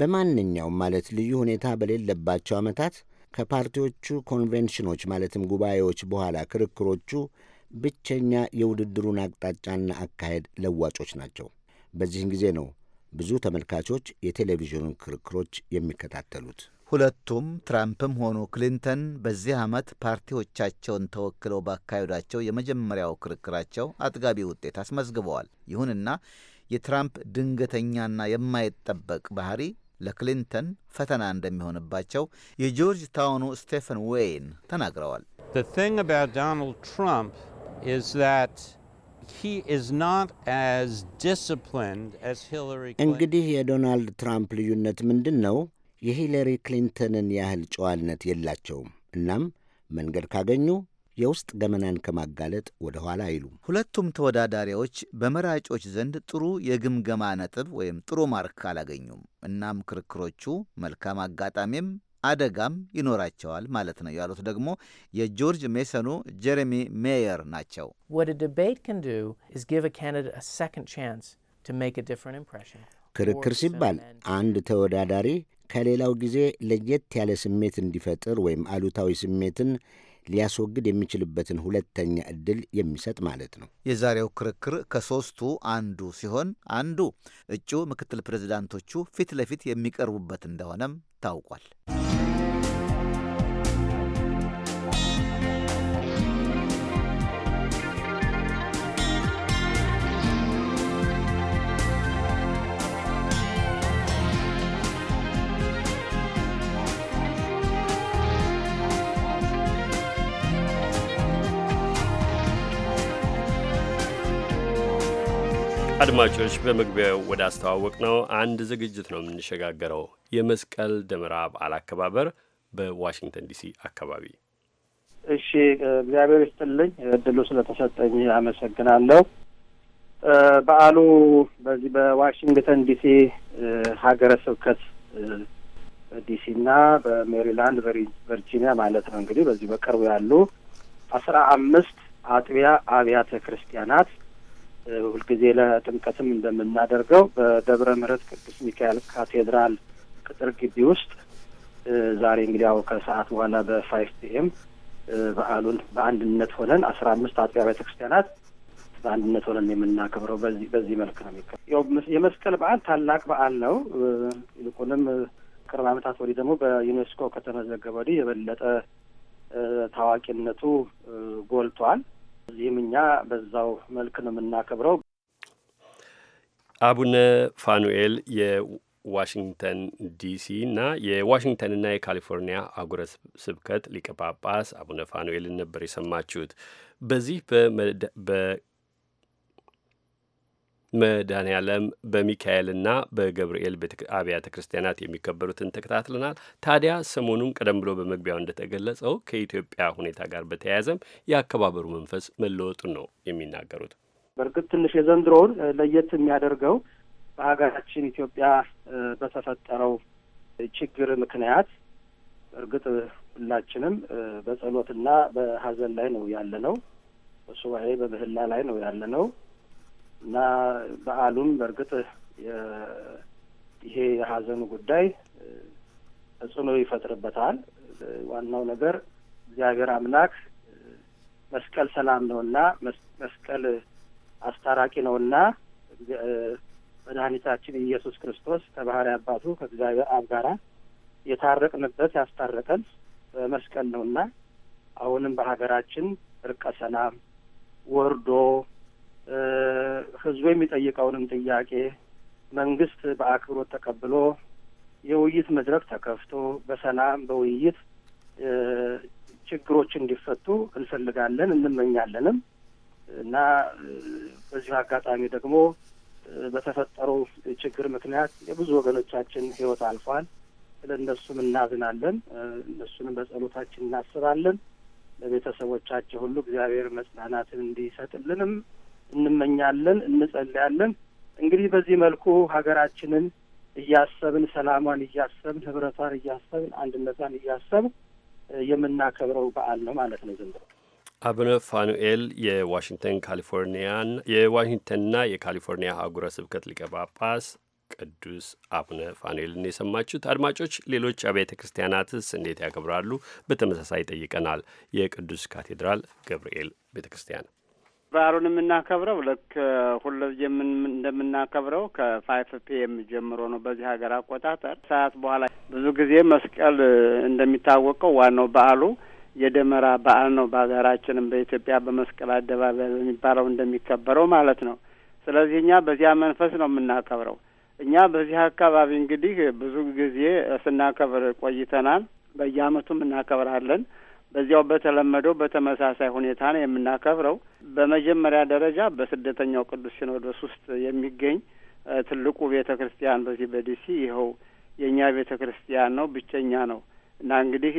S6: በማንኛውም ማለት ልዩ ሁኔታ በሌለባቸው ዓመታት ከፓርቲዎቹ ኮንቬንሽኖች ማለትም ጉባኤዎች በኋላ ክርክሮቹ ብቸኛ የውድድሩን አቅጣጫና አካሄድ ለዋጮች ናቸው። በዚህን ጊዜ ነው ብዙ ተመልካቾች የቴሌቪዥኑን ክርክሮች የሚከታተሉት። ሁለቱም ትራምፕም
S5: ሆኑ ክሊንተን በዚህ ዓመት ፓርቲዎቻቸውን ተወክለው ባካሄዷቸው የመጀመሪያው ክርክራቸው አጥጋቢ ውጤት አስመዝግበዋል። ይሁንና የትራምፕ ድንገተኛና የማይጠበቅ ባህሪ ለክሊንተን ፈተና እንደሚሆንባቸው የጆርጅ ታውኑ ስቴፈን ዌይን ተናግረዋል።
S18: እንግዲህ
S6: የዶናልድ ትራምፕ ልዩነት ምንድን ነው? የሂለሪ ክሊንተንን ያህል ጨዋነት የላቸውም። እናም መንገድ ካገኙ የውስጥ ገመናን ከማጋለጥ ወደ
S5: ኋላ አይሉም። ሁለቱም ተወዳዳሪዎች በመራጮች ዘንድ ጥሩ የግምገማ ነጥብ ወይም ጥሩ ማርክ አላገኙም። እናም ክርክሮቹ መልካም አጋጣሚም አደጋም ይኖራቸዋል ማለት ነው ያሉት ደግሞ የጆርጅ ሜሰኑ ጀሬሚ ሜየር ናቸው።
S17: ክርክር
S6: ሲባል አንድ ተወዳዳሪ ከሌላው ጊዜ ለየት ያለ ስሜት እንዲፈጥር ወይም አሉታዊ ስሜትን ሊያስወግድ የሚችልበትን ሁለተኛ ዕድል የሚሰጥ ማለት ነው።
S5: የዛሬው ክርክር ከሦስቱ አንዱ ሲሆን አንዱ እጩ ምክትል ፕሬዚዳንቶቹ ፊት ለፊት የሚቀርቡበት እንደሆነም ታውቋል።
S3: አድማጮች በመግቢያው ወደ አስተዋወቅ ነው አንድ ዝግጅት ነው የምንሸጋገረው። የመስቀል ደመራ በዓል አከባበር በዋሽንግተን ዲሲ አካባቢ።
S11: እሺ፣ እግዚአብሔር ይስጥልኝ እድሉ ስለተሰጠኝ አመሰግናለሁ። በዓሉ በዚህ በዋሽንግተን ዲሲ ሀገረ ስብከት ዲሲና በሜሪላንድ ቨርጂኒያ ማለት ነው እንግዲህ በዚህ በቅርቡ ያሉ አስራ አምስት አጥቢያ አብያተ ክርስቲያናት ሁልጊዜ ለጥምቀትም እንደምናደርገው በደብረ ምሕረት ቅዱስ ሚካኤል ካቴድራል ቅጥር ግቢ ውስጥ ዛሬ እንግዲህ ያው ከሰዓት በኋላ በፋይቭ ፒኤም በዓሉን በአንድነት ሆነን አስራ አምስት አጥቢያ ቤተ ክርስቲያናት በአንድነት ሆነን የምናከብረው በዚህ በዚህ መልክ ነው የሚከ ያው የመስቀል በዓል ታላቅ በዓል ነው። ይልቁንም ቅርብ ዓመታት ወዲህ ደግሞ በዩኔስኮ ከተመዘገበ ወዲህ የበለጠ ታዋቂነቱ ጎልቷል። እዚህም እኛ በዛው መልክ ነው የምናከብረው።
S3: አቡነ ፋኑኤል የዋሽንግተን ዲሲ እና የዋሽንግተንና የካሊፎርኒያ አጉረ ስብከት ሊቀ ጳጳስ አቡነ ፋኑኤልን ነበር የሰማችሁት። በዚህ መድኃኔ ዓለም በሚካኤልና በገብርኤል አብያተ ክርስቲያናት የሚከበሩትን ተከታትለናል። ታዲያ ሰሞኑን ቀደም ብሎ በመግቢያው እንደተገለጸው ከኢትዮጵያ ሁኔታ ጋር በተያያዘም የአከባበሩ መንፈስ መለወጡን ነው የሚናገሩት።
S11: በእርግጥ ትንሽ የዘንድሮውን ለየት የሚያደርገው በሀገራችን ኢትዮጵያ በተፈጠረው ችግር ምክንያት እርግጥ ሁላችንም በጸሎትና በሀዘን ላይ ነው ያለ ነው። በሱባኤ በምህላ ላይ ነው ያለ ነው። እና በዓሉም በእርግጥ ይሄ የሀዘኑ ጉዳይ ተጽዕኖ ይፈጥርበታል። ዋናው ነገር እግዚአብሔር አምላክ መስቀል ሰላም ነውና መስቀል አስታራቂ ነውና መድኃኒታችን ኢየሱስ ክርስቶስ ከባህሪ አባቱ ከእግዚአብሔር አብ ጋራ የታረቅንበት ያስታረቀን በመስቀል ነውና አሁንም በሀገራችን እርቀ ሰላም ወርዶ ህዝቡ የሚጠይቀውንም ጥያቄ መንግስት በአክብሮት ተቀብሎ የውይይት መድረክ ተከፍቶ በሰላም በውይይት ችግሮች እንዲፈቱ እንፈልጋለን እንመኛለንም እና በዚሁ አጋጣሚ ደግሞ በተፈጠረው ችግር ምክንያት የብዙ ወገኖቻችን ህይወት አልፏል። ስለ እነሱም እናዝናለን። እነሱንም በጸሎታችን እናስባለን። ለቤተሰቦቻቸው ሁሉ እግዚአብሔር መጽናናትን እንዲሰጥልንም እንመኛለን፣ እንጸልያለን። እንግዲህ በዚህ መልኩ ሀገራችንን እያሰብን ሰላሟን እያሰብን ህብረቷን እያሰብን አንድነቷን እያሰብን የምናከብረው በዓል ነው ማለት ነው ዘንድሮ።
S3: አቡነ ፋኑኤል የዋሽንግተን ካሊፎርኒያን የዋሽንግተንና የካሊፎርኒያ አህጉረ ስብከት ሊቀ ጳጳስ ቅዱስ አቡነ ፋኑኤልን የሰማችሁት። አድማጮች፣ ሌሎች አብያተ ክርስቲያናትስ እንዴት ያከብራሉ? በተመሳሳይ ጠይቀናል። የቅዱስ ካቴድራል ገብርኤል ቤተ ክርስቲያን
S18: በዓሉን የምናከብረው ልክ ሁልጊዜ እንደምናከብረው ከፋይፍ ፒኤም ጀምሮ ነው። በዚህ ሀገር አቆጣጠር ሰዓት በኋላ ብዙ ጊዜ መስቀል እንደሚታወቀው ዋናው በዓሉ የደመራ በዓል ነው። በሀገራችንም በኢትዮጵያ በመስቀል አደባባይ በሚባለው እንደሚከበረው ማለት ነው። ስለዚህ እኛ በዚያ መንፈስ ነው የምናከብረው። እኛ በዚህ አካባቢ እንግዲህ ብዙ ጊዜ ስናከብር ቆይተናል። በየአመቱ እናከብራለን። በዚያው በተለመደው በተመሳሳይ ሁኔታ ነው የምናከብረው። በመጀመሪያ ደረጃ በስደተኛው ቅዱስ ሲኖዶስ ውስጥ የሚገኝ ትልቁ ቤተ ክርስቲያን በዚህ በዲሲ ይኸው የእኛ ቤተ ክርስቲያን ነው፣ ብቸኛ ነው እና እንግዲህ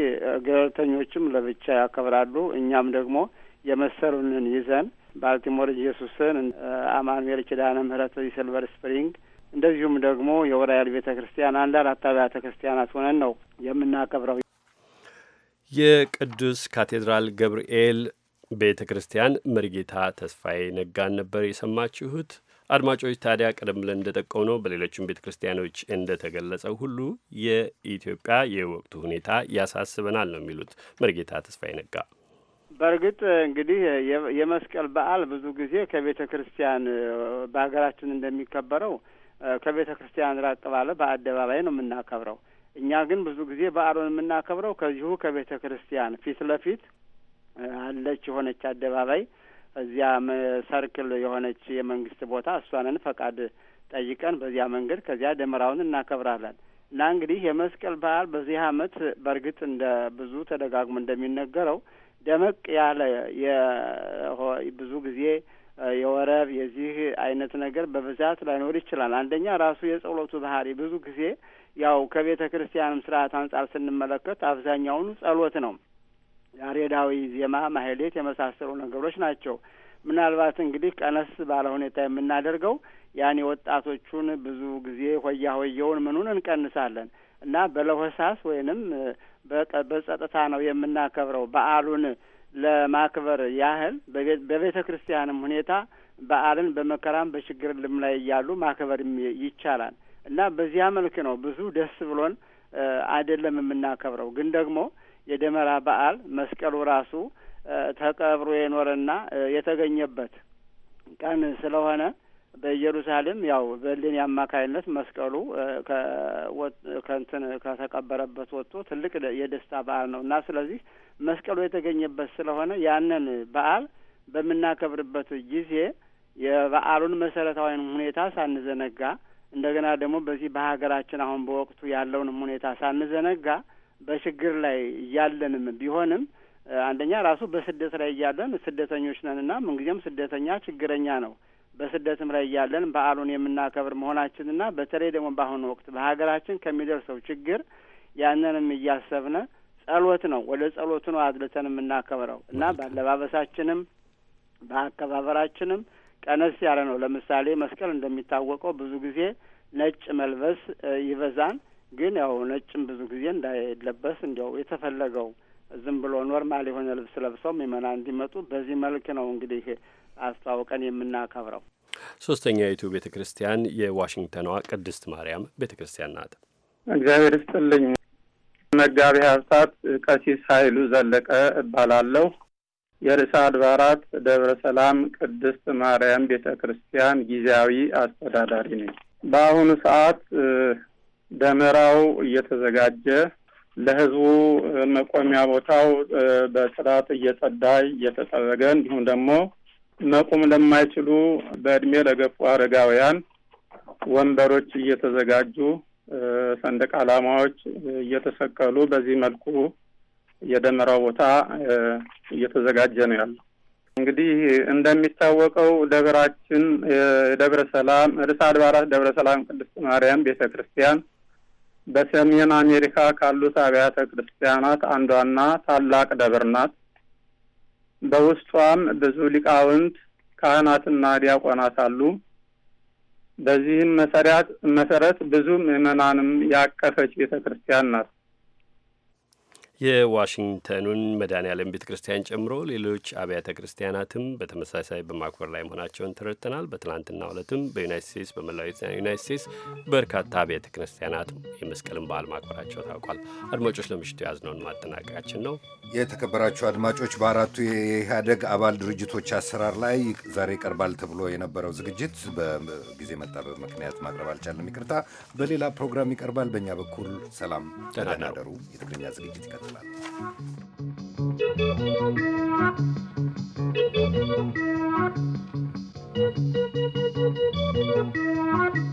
S18: ገለልተኞችም ለብቻ ያከብራሉ። እኛም ደግሞ የመሰሉንን ይዘን ባልቲሞር ኢየሱስን፣ አማኑኤል ኪዳነ ምሕረት ሲልቨር ስፕሪንግ እንደዚሁም ደግሞ የወራያል ቤተ ክርስቲያን አንድ አራት አብያተ ክርስቲያናት ሆነን ነው የምናከብረው።
S3: የቅዱስ ካቴድራል ገብርኤል ቤተ ክርስቲያን መርጌታ ተስፋዬ ነጋን ነበር የሰማችሁት። አድማጮች ታዲያ ቀደም ብለን እንደጠቀው ነው በሌሎችም ቤተ ክርስቲያኖች እንደተገለጸው ሁሉ የኢትዮጵያ የወቅቱ ሁኔታ ያሳስበናል ነው የሚሉት መርጌታ ተስፋዬ ነጋ።
S18: በእርግጥ እንግዲህ የመስቀል በዓል ብዙ ጊዜ ከቤተ ክርስቲያን በሀገራችን እንደሚከበረው ከቤተ ክርስቲያን ራቅ ባለ በአደባባይ ነው የምናከብረው። እኛ ግን ብዙ ጊዜ በዓሉን የምናከብረው ከዚሁ ከቤተ ክርስቲያን ፊት ለፊት አለች የሆነች አደባባይ እዚያ ሰርክል የሆነች የመንግስት ቦታ እሷንን ፈቃድ ጠይቀን በዚያ መንገድ ከዚያ ደመራውን እናከብራለን እና እንግዲህ የመስቀል በዓል በዚህ አመት በእርግጥ እንደ ብዙ ተደጋግሞ እንደሚነገረው ደመቅ ያለ ብዙ ጊዜ የወረብ የዚህ አይነት ነገር በብዛት ላይኖር ይችላል። አንደኛ ራሱ የጸሎቱ ባህሪ ብዙ ጊዜ ያው ከቤተ ክርስቲያንም ስርዓት አንጻር ስንመለከት አብዛኛውን ጸሎት ነው። ያሬዳዊ ዜማ፣ ማህሌት የመሳሰሉ ነገሮች ናቸው። ምናልባት እንግዲህ ቀነስ ባለ ሁኔታ የምናደርገው ያኔ ወጣቶቹን ብዙ ጊዜ ሆያ ሆየውን ምኑን እንቀንሳለን እና በለሆሳስ ወይንም በጸጥታ ነው የምናከብረው በዓሉን ለማክበር ያህል በቤተ ክርስቲያንም ሁኔታ በዓልን በመከራም ልም ላይ እያሉ ማክበርም ይቻላል እና በዚያ መልክ ነው ብዙ ደስ ብሎን አይደለም የምናከብረው። ግን ደግሞ የደመራ በዓል መስቀሉ ራሱ ተቀብሮ የኖረና የተገኘበት ቀን ስለሆነ በኢየሩሳሌም ያው በሌን አማካይነት መስቀሉ ከእንትን ከተቀበረበት ወጥቶ ትልቅ የደስታ በዓል ነው እና ስለዚህ መስቀሉ የተገኘበት ስለሆነ ያንን በዓል በምናከብርበት ጊዜ የበዓሉን መሰረታዊን ሁኔታ ሳንዘነጋ እንደገና ደግሞ በዚህ በሀገራችን አሁን በወቅቱ ያለውንም ሁኔታ ሳንዘነጋ በችግር ላይ እያለንም ቢሆንም አንደኛ ራሱ በስደት ላይ እያለን ስደተኞች ነንና ምንጊዜም ስደተኛ ችግረኛ ነው። በስደትም ላይ እያለን በዓሉን የምናከብር መሆናችንና በተለይ ደግሞ በአሁኑ ወቅት በሀገራችን ከሚደርሰው ችግር ያንንም እያሰብነ ጸሎት ነው ወደ ጸሎቱ ነው አድልተን የምናከብረው እና በአለባበሳችንም በአከባበራችንም ቀነስ ያለ ነው። ለምሳሌ መስቀል እንደሚታወቀው ብዙ ጊዜ ነጭ መልበስ ይበዛን፣ ግን ያው ነጭም ብዙ ጊዜ እንዳይለበስ እንዲያው የተፈለገው ዝም ብሎ ኖርማል የሆነ ልብስ ለብሰው ምእመና እንዲመጡ በዚህ መልክ ነው እንግዲህ አስተዋውቀን የምናከብረው።
S3: ሶስተኛይቱ ቤተ ክርስቲያን የዋሽንግተኗ ቅድስት ማርያም ቤተ ክርስቲያን ናት። እግዚአብሔር ይስጥልኝ። መጋቢ ሀብታት
S9: ቀሲስ ኃይሉ ዘለቀ እባላለሁ። የርዕሰ አድባራት ደብረ ሰላም ቅድስት ማርያም ቤተ ክርስቲያን ጊዜያዊ አስተዳዳሪ ነኝ። በአሁኑ ሰዓት ደመራው እየተዘጋጀ ለህዝቡ መቆሚያ ቦታው በስርዓት እየጸዳ እየተጠረገ እንዲሁም ደግሞ መቆም ለማይችሉ በእድሜ ለገፉ አረጋውያን ወንበሮች እየተዘጋጁ ሰንደቅ ዓላማዎች እየተሰቀሉ በዚህ መልኩ የደመራው ቦታ እየተዘጋጀ ነው ያለው። እንግዲህ እንደሚታወቀው ደብራችን የደብረ ሰላም ርዕሰ አድባራት ደብረ ሰላም ቅድስት ማርያም ቤተ ክርስቲያን በሰሜን አሜሪካ ካሉት አብያተ ክርስቲያናት አንዷና ታላቅ ደብር ናት። በውስጧም ብዙ ሊቃውንት ካህናትና ዲያቆናት አሉ። በዚህም መሰረት ብዙ ምዕመናንም ያቀፈች ቤተ ክርስቲያን ናት።
S3: የዋሽንግተኑን መድኃኔዓለም ቤተ ክርስቲያን ጨምሮ ሌሎች አብያተ ክርስቲያናትም በተመሳሳይ በማክበር ላይ መሆናቸውን ተረድተናል። በትናንትናው ዕለትም በዩናይት ስቴትስ በመላው ዩናይት ስቴትስ በርካታ አብያተ ክርስቲያናት የመስቀልን በዓል ማክበራቸው ታውቋል። አድማጮች፣ ለምሽቱ የያዝነውን ማጠናቀቃችን ነው።
S1: የተከበራቸው አድማጮች፣ በአራቱ የኢህአደግ አባል ድርጅቶች አሰራር ላይ ዛሬ ይቀርባል ተብሎ የነበረው ዝግጅት በጊዜ መጣበብ ምክንያት ማቅረብ አልቻለም። ይቅርታ። በሌላ ፕሮግራም ይቀርባል። በእኛ በኩል ሰላም፣ ተደናደሩ። የትግርኛ ዝግጅት ይቀጥላል። ま
S11: す。